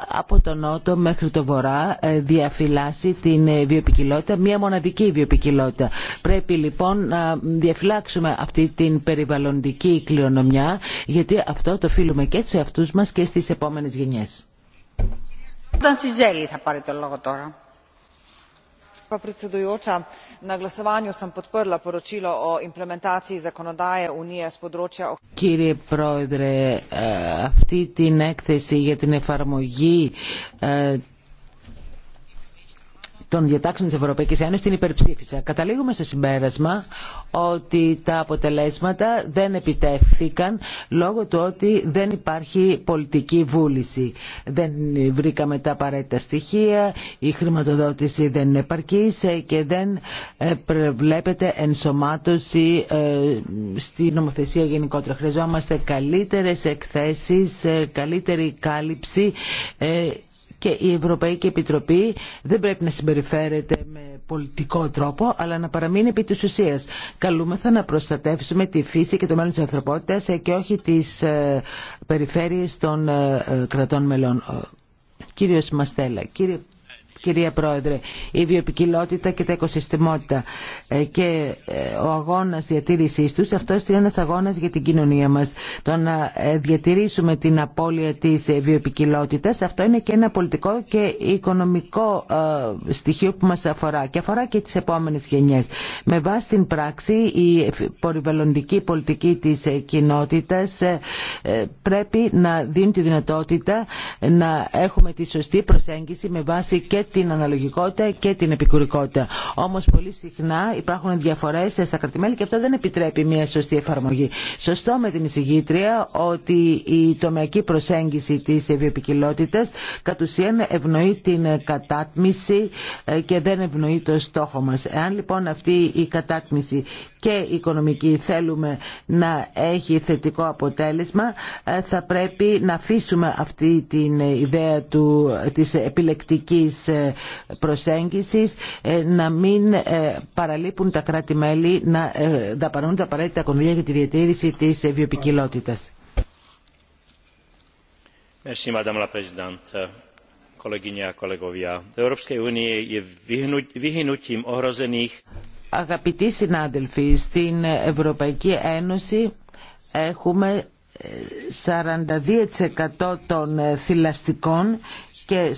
από τον Νότο μέχρι το Βορρά ε, διαφυλάσσει την βιοπικιλότητα, μια μοναδική βιοπικιλότητα. Πρέπει λοιπόν να διαφυλάξουμε αυτή την περιβαλλοντική κληρονομιά γιατί αυτό το φίλουμε και στους εαυτούς μας και στις επόμενες γενιές. Κύριε Πρόεδρε, αυτή την έκθεση για την εφαρμογή των διατάξεων της Ευρωπαϊκής Ένωσης την υπερψήφισα. Καταλήγουμε στο συμπέρασμα ότι τα αποτελέσματα δεν επιτεύχθηκαν λόγω του ότι δεν υπάρχει πολιτική βούληση. Δεν βρήκαμε τα απαραίτητα στοιχεία, η χρηματοδότηση δεν είναι ε, και δεν ε, βλέπετε ενσωμάτωση ε, στη νομοθεσία γενικότερα. Χρειαζόμαστε καλύτερες εκθέσεις, καλύτερη κάλυψη και η Ευρωπαϊκή Επιτροπή δεν πρέπει να συμπεριφέρεται με πολιτικό τρόπο αλλά να παραμείνει επί της ουσίας. Καλούμεθα να προστατεύσουμε τη φύση και το μέλλον της ανθρωπότητας ε, και όχι τις ε, περιφέρειες των ε, κρατών μελών. Κύριος Μαστέλα, κύριε κυρία Πρόεδρε, η βιοπικιλότητα και τα οικοσυστημότητα ε, και ε, ο αγώνας διατήρησής τους, αυτός είναι ένας αγώνας για την κοινωνία μας. Το να ε, διατηρήσουμε την απώλεια της βιοπικιλότητας, αυτό είναι και ένα πολιτικό και οικονομικό στοιχείο που μας αφορά και αφορά και τις επόμενες γενιές. Με βάση την πράξη, η πορυβαλλοντική πολιτική της κοινότητας πρέπει να δίνει τη δυνατότητα να έχουμε τη σωστή προσέγγιση με βάση και την αναλογικότητα και την επικουρικότητα. Όμω πολύ συχνά υπάρχουν διαφορέ στα κρατημέλη και αυτό δεν επιτρέπει μια σωστή εφαρμογή. Σωστό με την εισηγήτρια ότι η τομεακή προσέγγιση τη ευεπικοινότητας κατ' ουσίαν ευνοεί την κατάτμιση ε, και δεν ευνοεί το στόχο μα. Εάν λοιπόν αυτή η κατάτμιση και η οικονομική θέλουμε να έχει θετικό αποτέλεσμα ε, θα πρέπει να αφήσουμε αυτή την ιδέα του, της επιλεκτικής ε, προσέγγισης ε, να μην ε, παραλείπουν τα κράτη-μέλη να ε, δαπανούν τα απαραίτητα κονδύλια για τη διατήρηση της βιοπικιλότητας. Αγαπητοί συνάδελφοι, στην Ευρωπαϊκή Ένωση έχουμε 42% των θηλαστικών και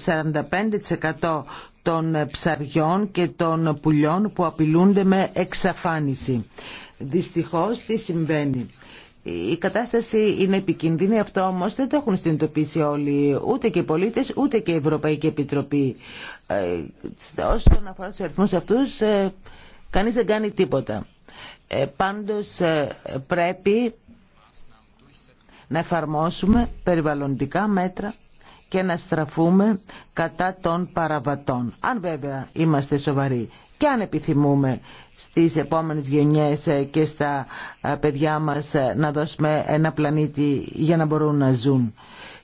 45% των ψαριών και των πουλιών που απειλούνται με εξαφάνιση. Δυστυχώς τι συμβαίνει. Η κατάσταση είναι επικίνδυνη, αυτό όμως δεν το έχουν συνειδητοποιήσει όλοι, ούτε και οι πολίτες, ούτε και η Ευρωπαϊκή Επιτροπή. Ε, όσον αφορά τους αριθμούς αυτούς, ε, κανείς δεν κάνει τίποτα. Ε, πάντως πρέπει να εφαρμόσουμε περιβαλλοντικά μέτρα και να στραφούμε κατά των παραβατών. Αν βέβαια είμαστε σοβαροί και αν επιθυμούμε στις επόμενες γενιές και στα ε, παιδιά μας ε, να δώσουμε ένα πλανήτη για να μπορούν να ζουν.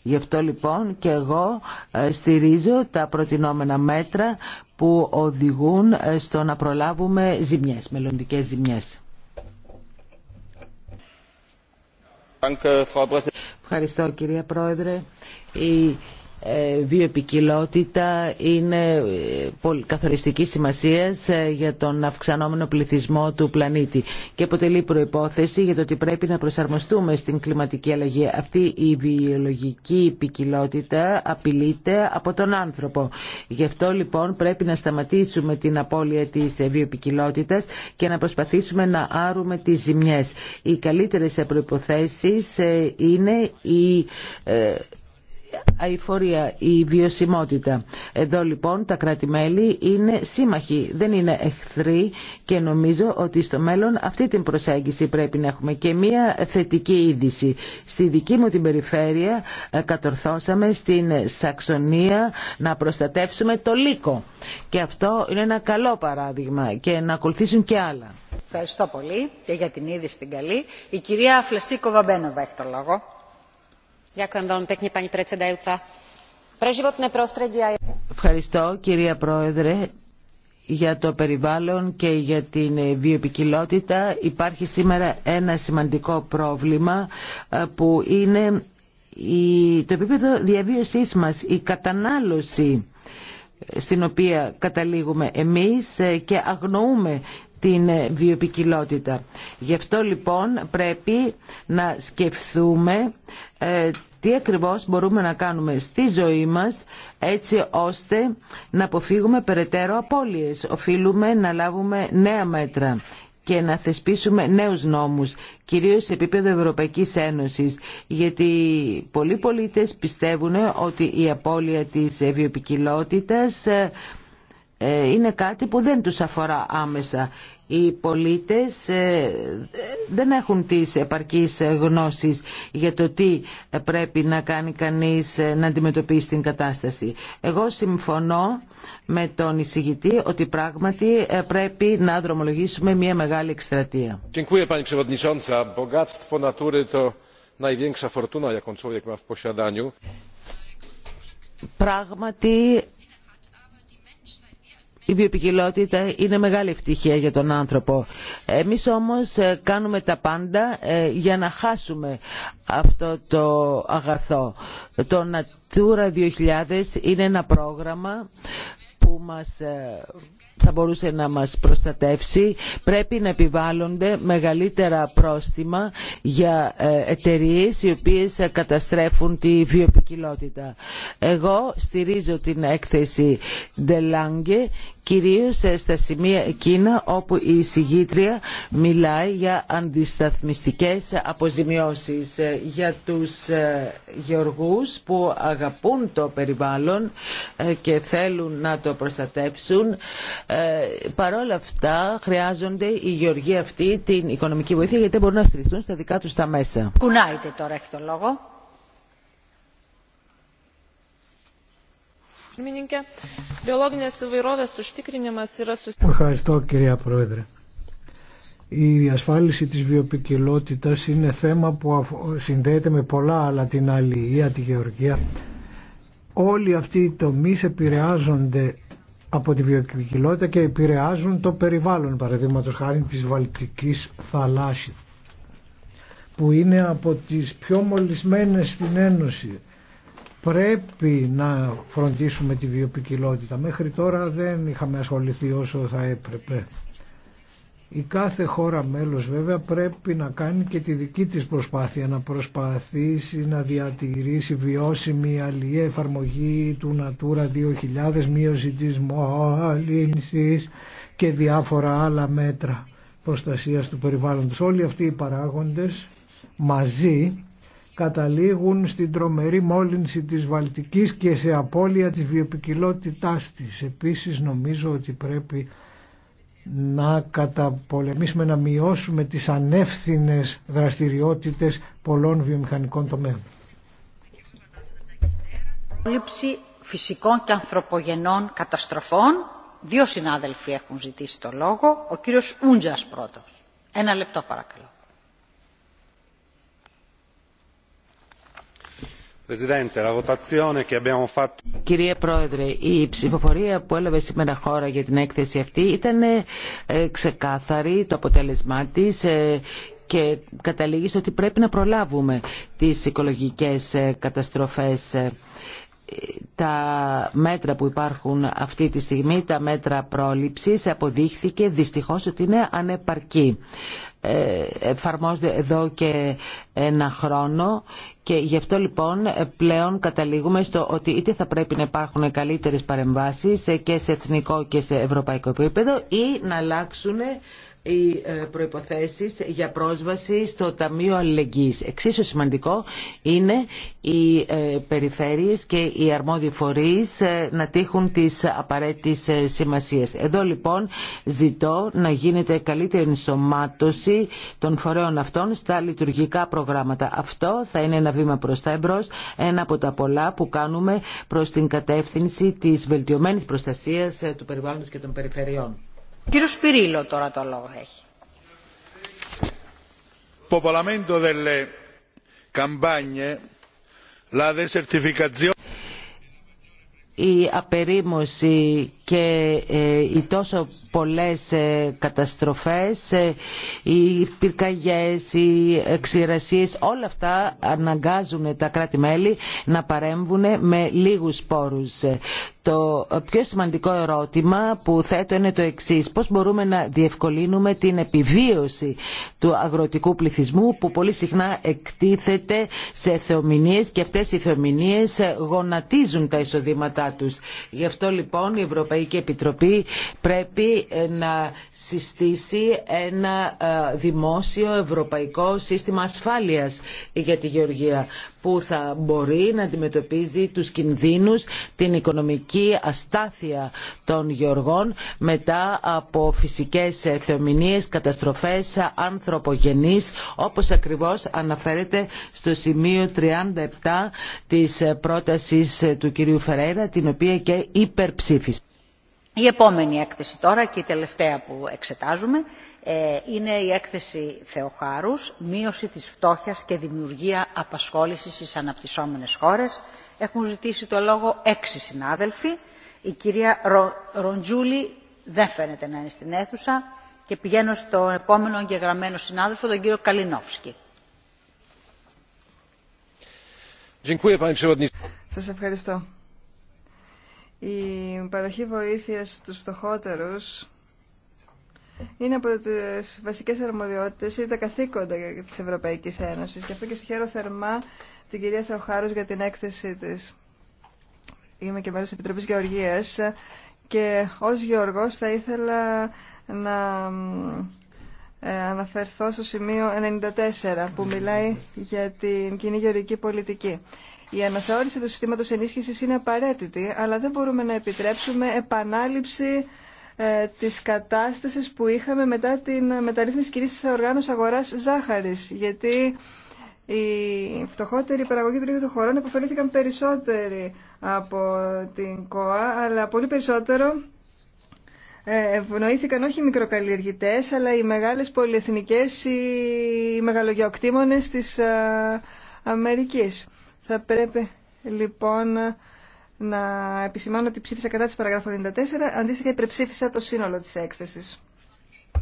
Γι' αυτό λοιπόν και εγώ ε, στηρίζω τα προτινόμενα μέτρα που οδηγούν στο να προλάβουμε ζημιές, μελλοντικές ζημιές. Ευχαριστώ κυρία Πρόεδρε. Η ε, βιοπικιλότητα είναι ε, καθοριστική σημασία ε, για τον αυξανόμενο πληθυσμό του πλανήτη και αποτελεί προϋπόθεση για το ότι πρέπει να προσαρμοστούμε στην κλιματική αλλαγή. Αυτή η βιολογική ποικιλότητα απειλείται από τον άνθρωπο. Γι' αυτό λοιπόν πρέπει να σταματήσουμε την απώλεια της βιοπικιλότητας και να προσπαθήσουμε να άρουμε τις ζημιές. Οι καλύτερες προϋποθέσεις είναι η αηφορία, η βιωσιμότητα. Εδώ λοιπόν τα κράτη-μέλη είναι σύμμαχοι, δεν είναι εχθροί και νομίζω ότι στο μέλλον αυτή την προσέγγιση πρέπει να έχουμε. Και μία θετική είδηση. Στη δική μου την περιφέρεια ε, κατορθώσαμε στην Σαξονία να προστατεύσουμε το λύκο. Και αυτό είναι ένα καλό παράδειγμα και να ακολουθήσουν και άλλα. Ευχαριστώ πολύ και για την είδηση την καλή. Η κυρία Φλεσίκο Βαμπένοβα έχει το λόγο. Ευχαριστώ κυρία Πρόεδρε. Για το περιβάλλον και για την ε, βιοπικιλότητα υπάρχει σήμερα ένα σημαντικό πρόβλημα ε, που είναι το επίπεδο διαβίωσής μας, η κατανάλωση ε, στην οποία καταλήγουμε εμείς και αγνοούμε την ε, βιοπικιλότητα. Γι' αυτό λοιπόν πρέπει να σκεφτούμε ε, τι ακριβώς μπορούμε να κάνουμε στη ζωή μας έτσι ώστε να αποφύγουμε περαιτέρω απώλειες. Οφείλουμε να λάβουμε νέα μέτρα και να θεσπίσουμε νέους νόμους, κυρίως σε επίπεδο Ευρωπαϊκής Ένωσης, γιατί πολλοί πολίτες πιστεύουν ότι η απώλεια της ε, βιοπικιλότητας ε, είναι κάτι που δεν τους αφορά άμεσα. Οι πολίτες ε, δεν έχουν τις επαρκείς γνώσεις για το τι πρέπει να κάνει κανείς ε, να αντιμετωπίσει την κατάσταση. Εγώ συμφωνώ με τον εισηγητή ότι πράγματι πρέπει να δρομολογήσουμε μια μεγάλη εκστρατεία. Πράγματι η βιοπικιλότητα είναι μεγάλη ευτυχία για τον άνθρωπο. Εμείς όμως ε, κάνουμε τα πάντα ε, για να χάσουμε αυτό το αγαθό. Το Natura 2000 είναι ένα πρόγραμμα που ε, θα μπορούσε να μας προστατεύσει πρέπει να επιβάλλονται μεγαλύτερα πρόστιμα για ε, εταιρείε οι οποίες ε, καταστρέφουν τη βιοποικιλότητα. Εγώ στηρίζω την έκθεση Lange κυρίως στα σημεία εκείνα όπου η εισηγήτρια μιλάει για αντισταθμιστικές αποζημιώσεις ε, για τους ε, γεωργούς που αγαπούν το περιβάλλον ε, και θέλουν να το προστατεύσουν. Παρόλα αυτά χρειάζονται οι γεωργοί αυτοί την οικονομική βοήθεια γιατί δεν μπορούν να στηριχθούν στα δικά τους τα μέσα. Κουνάειτε τώρα έχει λόγο. Ευχαριστώ κυρία Πρόεδρε. Η ασφάλιση της βιοπικιλότητας είναι θέμα που συνδέεται με πολλά άλλα την αλληλεία, τη γεωργία. Όλοι αυτοί οι τομείς επηρεάζονται από τη βιοπικιλότητα και επηρεάζουν το περιβάλλον, παραδείγματος χάρη της Βαλτικής θαλάσσης, που είναι από τις πιο μολυσμένες στην Ένωση πρέπει να φροντίσουμε τη βιοπικιλότητα. Μέχρι τώρα δεν είχαμε ασχοληθεί όσο θα έπρεπε. Η κάθε χώρα μέλος βέβαια πρέπει να κάνει και τη δική της προσπάθεια να προσπαθήσει να διατηρήσει βιώσιμη αλληλεία εφαρμογή του Natura 2000, μείωση της μόλυνσης και διάφορα άλλα μέτρα προστασίας του περιβάλλοντος. Όλοι αυτοί οι παράγοντες μαζί καταλήγουν στην τρομερή μόλυνση της Βαλτικής και σε απώλεια της βιοπικιλότητάς της. Επίσης νομίζω ότι πρέπει να καταπολεμήσουμε, να μειώσουμε τις ανεύθυνες δραστηριότητες πολλών βιομηχανικών τομέων. Λήψη φυσικών και ανθρωπογενών καταστροφών. Δύο συνάδελφοι έχουν ζητήσει το λόγο. Ο κύριος Ούντζας πρώτος. Ένα λεπτό παρακαλώ. Κύριε Πρόεδρε, η ψηφοφορία που έλαβε σήμερα χώρα για την έκθεση αυτή ήταν ε, ξεκάθαρη το αποτέλεσμά της ε, και καταλήγει ότι πρέπει να προλάβουμε τις οικολογικές ε, καταστροφές τα μέτρα που υπάρχουν αυτή τη στιγμή, τα μέτρα πρόληψης, αποδείχθηκε δυστυχώς ότι είναι ανεπαρκή. Ε, εφαρμόζονται εδώ και ένα χρόνο και γι' αυτό λοιπόν πλέον καταλήγουμε στο ότι είτε θα πρέπει να υπάρχουν καλύτερες παρεμβάσεις και σε εθνικό και σε ευρωπαϊκό επίπεδο ή να αλλάξουν οι ε, προϋποθέσεις για πρόσβαση στο Ταμείο Αλληλεγγύης. Εξίσου σημαντικό είναι οι ε, περιφέρειες και οι αρμόδιοι φορείς ε, να τύχουν τις απαραίτητες σημασίες. Εδώ λοιπόν ζητώ να γίνεται καλύτερη ενσωμάτωση των φορέων αυτών στα λειτουργικά προγράμματα. Αυτό θα είναι ένα βήμα προς τα εμπρός, ένα από τα πολλά που κάνουμε προς την κατεύθυνση της βελτιωμένης προστασίας του περιβάλλοντος και των περιφερειών. Κύριο Σπυρίλο τώρα το λόγο έχει. Popolamento η απερίμωση και ε, οι τόσο πολλές ε, καταστροφές, ε, οι πυρκαγιές, οι ξηρασίες, όλα αυτά αναγκάζουν τα κράτη-μέλη να παρέμβουν με λίγους πόρους. Το πιο σημαντικό ερώτημα που θέτω είναι το εξής. Πώς μπορούμε να διευκολύνουμε την επιβίωση του αγροτικού πληθυσμού που πολύ συχνά εκτίθεται σε θεομηνίες και αυτές οι θεομηνίες γονατίζουν τα εισοδήματά τους. Γι' αυτό λοιπόν η Ευρωπαϊκή Επιτροπή πρέπει ε, να συστήσει ένα ε, δημόσιο ευρωπαϊκό σύστημα ασφάλειας για τη γεωργία που θα μπορεί να αντιμετωπίζει τους κινδύνους, την οικονομική η αστάθεια των γεωργών μετά από φυσικές θεομηνίες, καταστροφές ανθρωπογενείς όπως ακριβώς αναφέρεται στο σημείο 37 της πρότασης του κυρίου Φεραίρα την οποία και υπερψήφισε. Η επόμενη έκθεση τώρα και η τελευταία που εξετάζουμε ε, είναι η έκθεση Θεοχάρους «Μείωση της φτώχειας και δημιουργία απασχόλησης στις αναπτυσσόμενες χώρες» Έχουν ζητήσει το λόγο έξι συνάδελφοι. Η κυρία Ροντζούλη δεν φαίνεται να είναι στην αίθουσα και πηγαίνω στον επόμενο εγγεγραμμένο συνάδελφο, τον κύριο Καλινόφσκι. Σας ευχαριστώ. Η παροχή βοήθειας στους φτωχότερους είναι από τις βασικές αρμοδιότητες ή τα καθήκοντα της Ευρωπαϊκής Ένωσης και αυτό και συγχαίρω θερμά την κυρία Θεοχάρους για την έκθεσή της. Είμαι και μέρος της Επιτροπής Γεωργίας και ως Γεωργός θα ήθελα να ε, αναφερθώ στο σημείο 94 που μιλάει για την κοινή γεωργική πολιτική. Η αναθεώρηση του συστήματος ενίσχυσης είναι απαραίτητη, αλλά δεν μπορούμε να επιτρέψουμε επανάληψη ε, της κατάστασης που είχαμε μετά την μεταρρύθμιση κυρίσης οργάνωση αγοράς ζάχαρης, γιατί οι φτωχότεροι παραγωγοί του των χωρών επωφελήθηκαν περισσότεροι από την ΚΟΑ, αλλά πολύ περισσότερο ε, ευνοήθηκαν όχι οι μικροκαλλιεργητές, αλλά οι μεγάλες πολυεθνικές, οι μεγαλογεοκτήμονες της ε, Αμερικής. Θα πρέπει λοιπόν να επισημάνω ότι ψήφισα κατά της παραγράφου 94, αντίστοιχα υπερψήφισα το σύνολο της έκθεσης.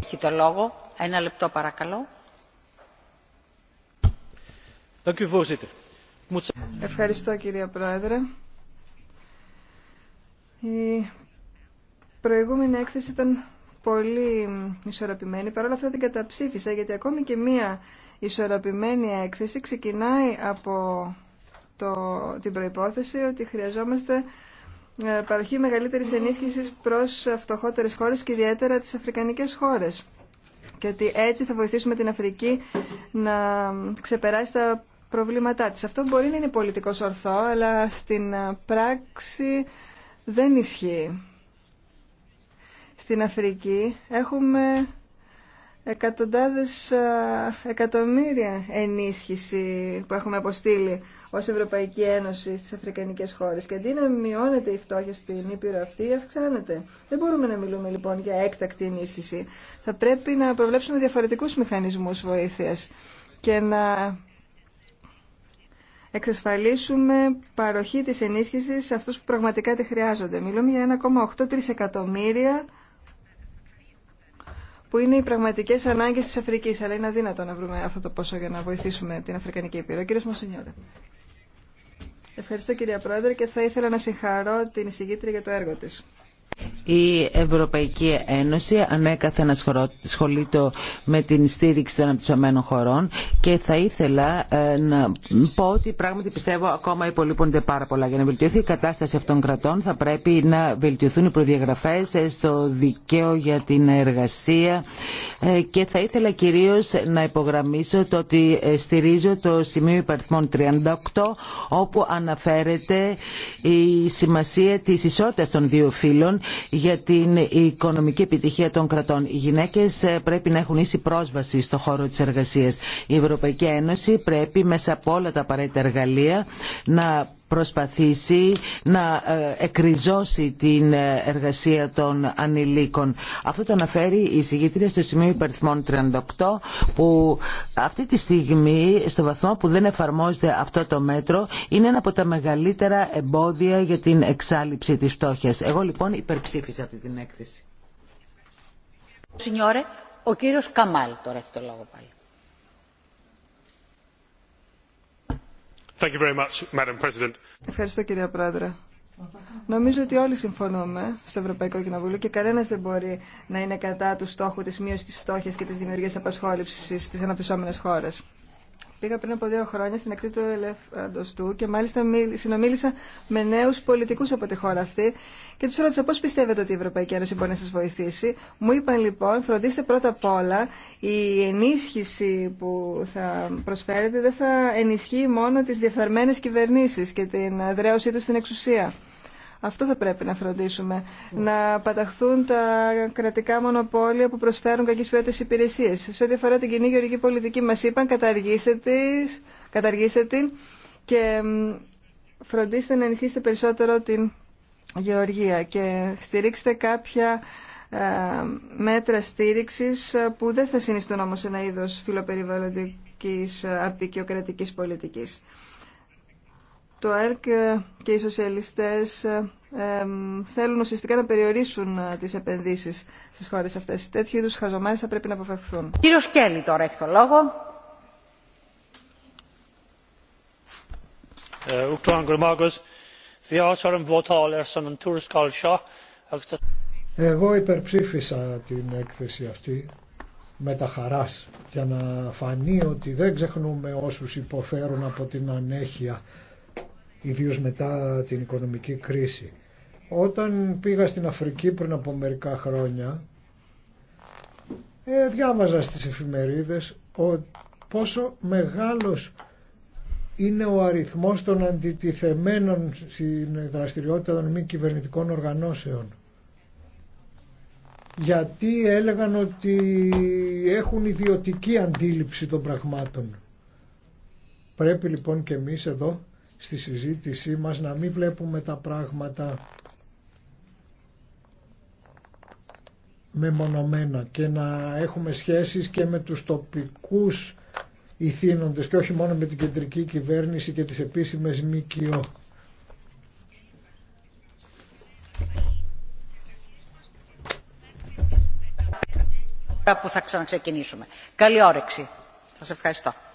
Έχει το λόγο. Ένα λεπτό παρακαλώ. Ευχαριστώ κύριε Πρόεδρε. Η προηγούμενη έκθεση ήταν πολύ ισορροπημένη. Παρ' όλα αυτά την καταψήφισα γιατί ακόμη και μία ισορροπημένη έκθεση ξεκινάει από το, την προϋπόθεση ότι χρειαζόμαστε ε, παροχή μεγαλύτερης ενίσχυσης προς φτωχότερες χώρες και ιδιαίτερα τις αφρικανικές χώρες και ότι έτσι θα βοηθήσουμε την Αφρική να ξεπεράσει τα προβλήματά Αυτό μπορεί να είναι πολιτικός ορθό, αλλά στην ε, πράξη δεν ισχύει. Στην Αφρική έχουμε εκατοντάδες ε, εκατομμύρια ενίσχυση που έχουμε αποστείλει ως Ευρωπαϊκή Ένωση στις αφρικανικές χώρες και αντί να μειώνεται η φτώχεια στην Ήπειρο αυτή αυξάνεται. Δεν μπορούμε να μιλούμε λοιπόν για έκτακτη ενίσχυση. Θα πρέπει να προβλέψουμε διαφορετικούς μηχανισμούς βοήθειας και να εξασφαλίσουμε παροχή της ενίσχυσης σε αυτούς που πραγματικά τη χρειάζονται. Μιλούμε για 1,8 τρισεκατομμύρια που είναι οι πραγματικέ ανάγκε της Αφρικής, αλλά είναι αδύνατο να βρούμε αυτό το πόσο για να βοηθήσουμε την Αφρικανική Ήπειρο. Κύριε Μασονιώτα. Ευχαριστώ κυρία Πρόεδρε και θα ήθελα να συγχαρώ την εισηγήτρια για το έργο της. Η Ευρωπαϊκή Ένωση ανέκαθεν ασχολείται με την στήριξη των αναπτυσσομένων χωρών και θα ήθελα ε, να πω ότι πράγματι πιστεύω ακόμα υπολείπονται πάρα πολλά. Για να βελτιωθεί η κατάσταση αυτών κρατών θα πρέπει να βελτιωθούν οι προδιαγραφές ε, στο δικαίω για την εργασία ε, και θα ήθελα κυρίως να υπογραμμίσω το ότι στηρίζω το σημείο υπαριθμών 38 όπου αναφέρεται η σημασία της ισότητας των δύο φύλων για την οικονομική επιτυχία των κρατών. Οι γυναίκες ε, πρέπει να έχουν ίση πρόσβαση στο χώρο της εργασίας. Η Ευρωπαϊκή Ένωση πρέπει μέσα από όλα τα απαραίτητα εργαλεία να προσπαθήσει να ε, εκριζώσει την ε, εργασία των ανηλίκων. Αυτό το αναφέρει η συγκήτρια στο σημείο υπαριθμών 38 που αυτή τη στιγμή στο βαθμό που δεν εφαρμόζεται αυτό το μέτρο είναι ένα από τα μεγαλύτερα εμπόδια για την εξάλληψη της φτώχειας. Εγώ λοιπόν υπερψήφισα αυτή την έκθεση. Ο κύριος Καμάλ τώρα έχει το λόγο. Ευχαριστώ κυρία Πρόεδρε. Νομίζω ότι όλοι συμφωνούμε στο Ευρωπαϊκό Κοινοβούλιο και κανένα δεν μπορεί να είναι κατά του στόχου τη μείωση τη φτώχεια και τη δημιουργία απασχόληση στι αναπτυσσόμενε χώρε. Πήγα πριν από δύο χρόνια στην ακτή του Ελεφαντοστού και μάλιστα συνομίλησα με νέου πολιτικού από τη χώρα αυτή και του ρώτησα πώ πιστεύετε ότι η Ευρωπαϊκή Ένωση μπορεί να σα βοηθήσει. Μου είπαν λοιπόν, φροντίστε πρώτα απ' όλα η ενίσχυση που θα προσφέρετε δεν θα ενισχύει μόνο τι διεφθαρμένε κυβερνήσει και την δρέωσή του στην εξουσία. Αυτό θα πρέπει να φροντίσουμε. Ναι. Να παταχθούν τα κρατικά μονοπόλια που προσφέρουν κακή ποιότητα υπηρεσίε. Σε ό,τι αφορά την κοινή γεωργική πολιτική, μα είπαν καταργήστε, τις, καταργήστε την και φροντίστε να ενισχύσετε περισσότερο την γεωργία και στηρίξτε κάποια ε, μέτρα στήριξης ε, που δεν θα συνιστούν όμως ένα είδος φιλοπεριβαλλοντικής ε, απεικιοκρατικής πολιτικής. Το ΕΡΚ και οι σοσιαλιστές ε, θέλουν ουσιαστικά να περιορίσουν ε, τις επενδύσεις στις χώρες αυτές. Τέτοιου είδους χαζομάρες θα πρέπει να αποφευχθούν. Κύριος τώρα έχει το λόγο. Ε, Εγώ υπερψήφισα την έκθεση αυτή με τα χαράς για να φανεί ότι δεν ξεχνούμε όσους υποφέρουν από την ανέχεια Ιδίω μετά την οικονομική κρίση. Όταν πήγα στην Αφρική πριν από μερικά χρόνια, ε, διάβαζα στις εφημερίδες ο, πόσο μεγάλος είναι ο αριθμός των αντιτιθεμένων στην δραστηριότητα των μη κυβερνητικών οργανώσεων. Γιατί έλεγαν ότι έχουν ιδιωτική αντίληψη των πραγμάτων. Πρέπει λοιπόν και εμείς εδώ στη συζήτησή μας να μην βλέπουμε τα πράγματα μεμονωμένα και να έχουμε σχέσεις και με τους τοπικούς ηθήνοντες και όχι μόνο με την κεντρική κυβέρνηση και τις επίσημες ΜΚΟ. που θα ξαναξεκινήσουμε. Καλή όρεξη. Σας ευχαριστώ.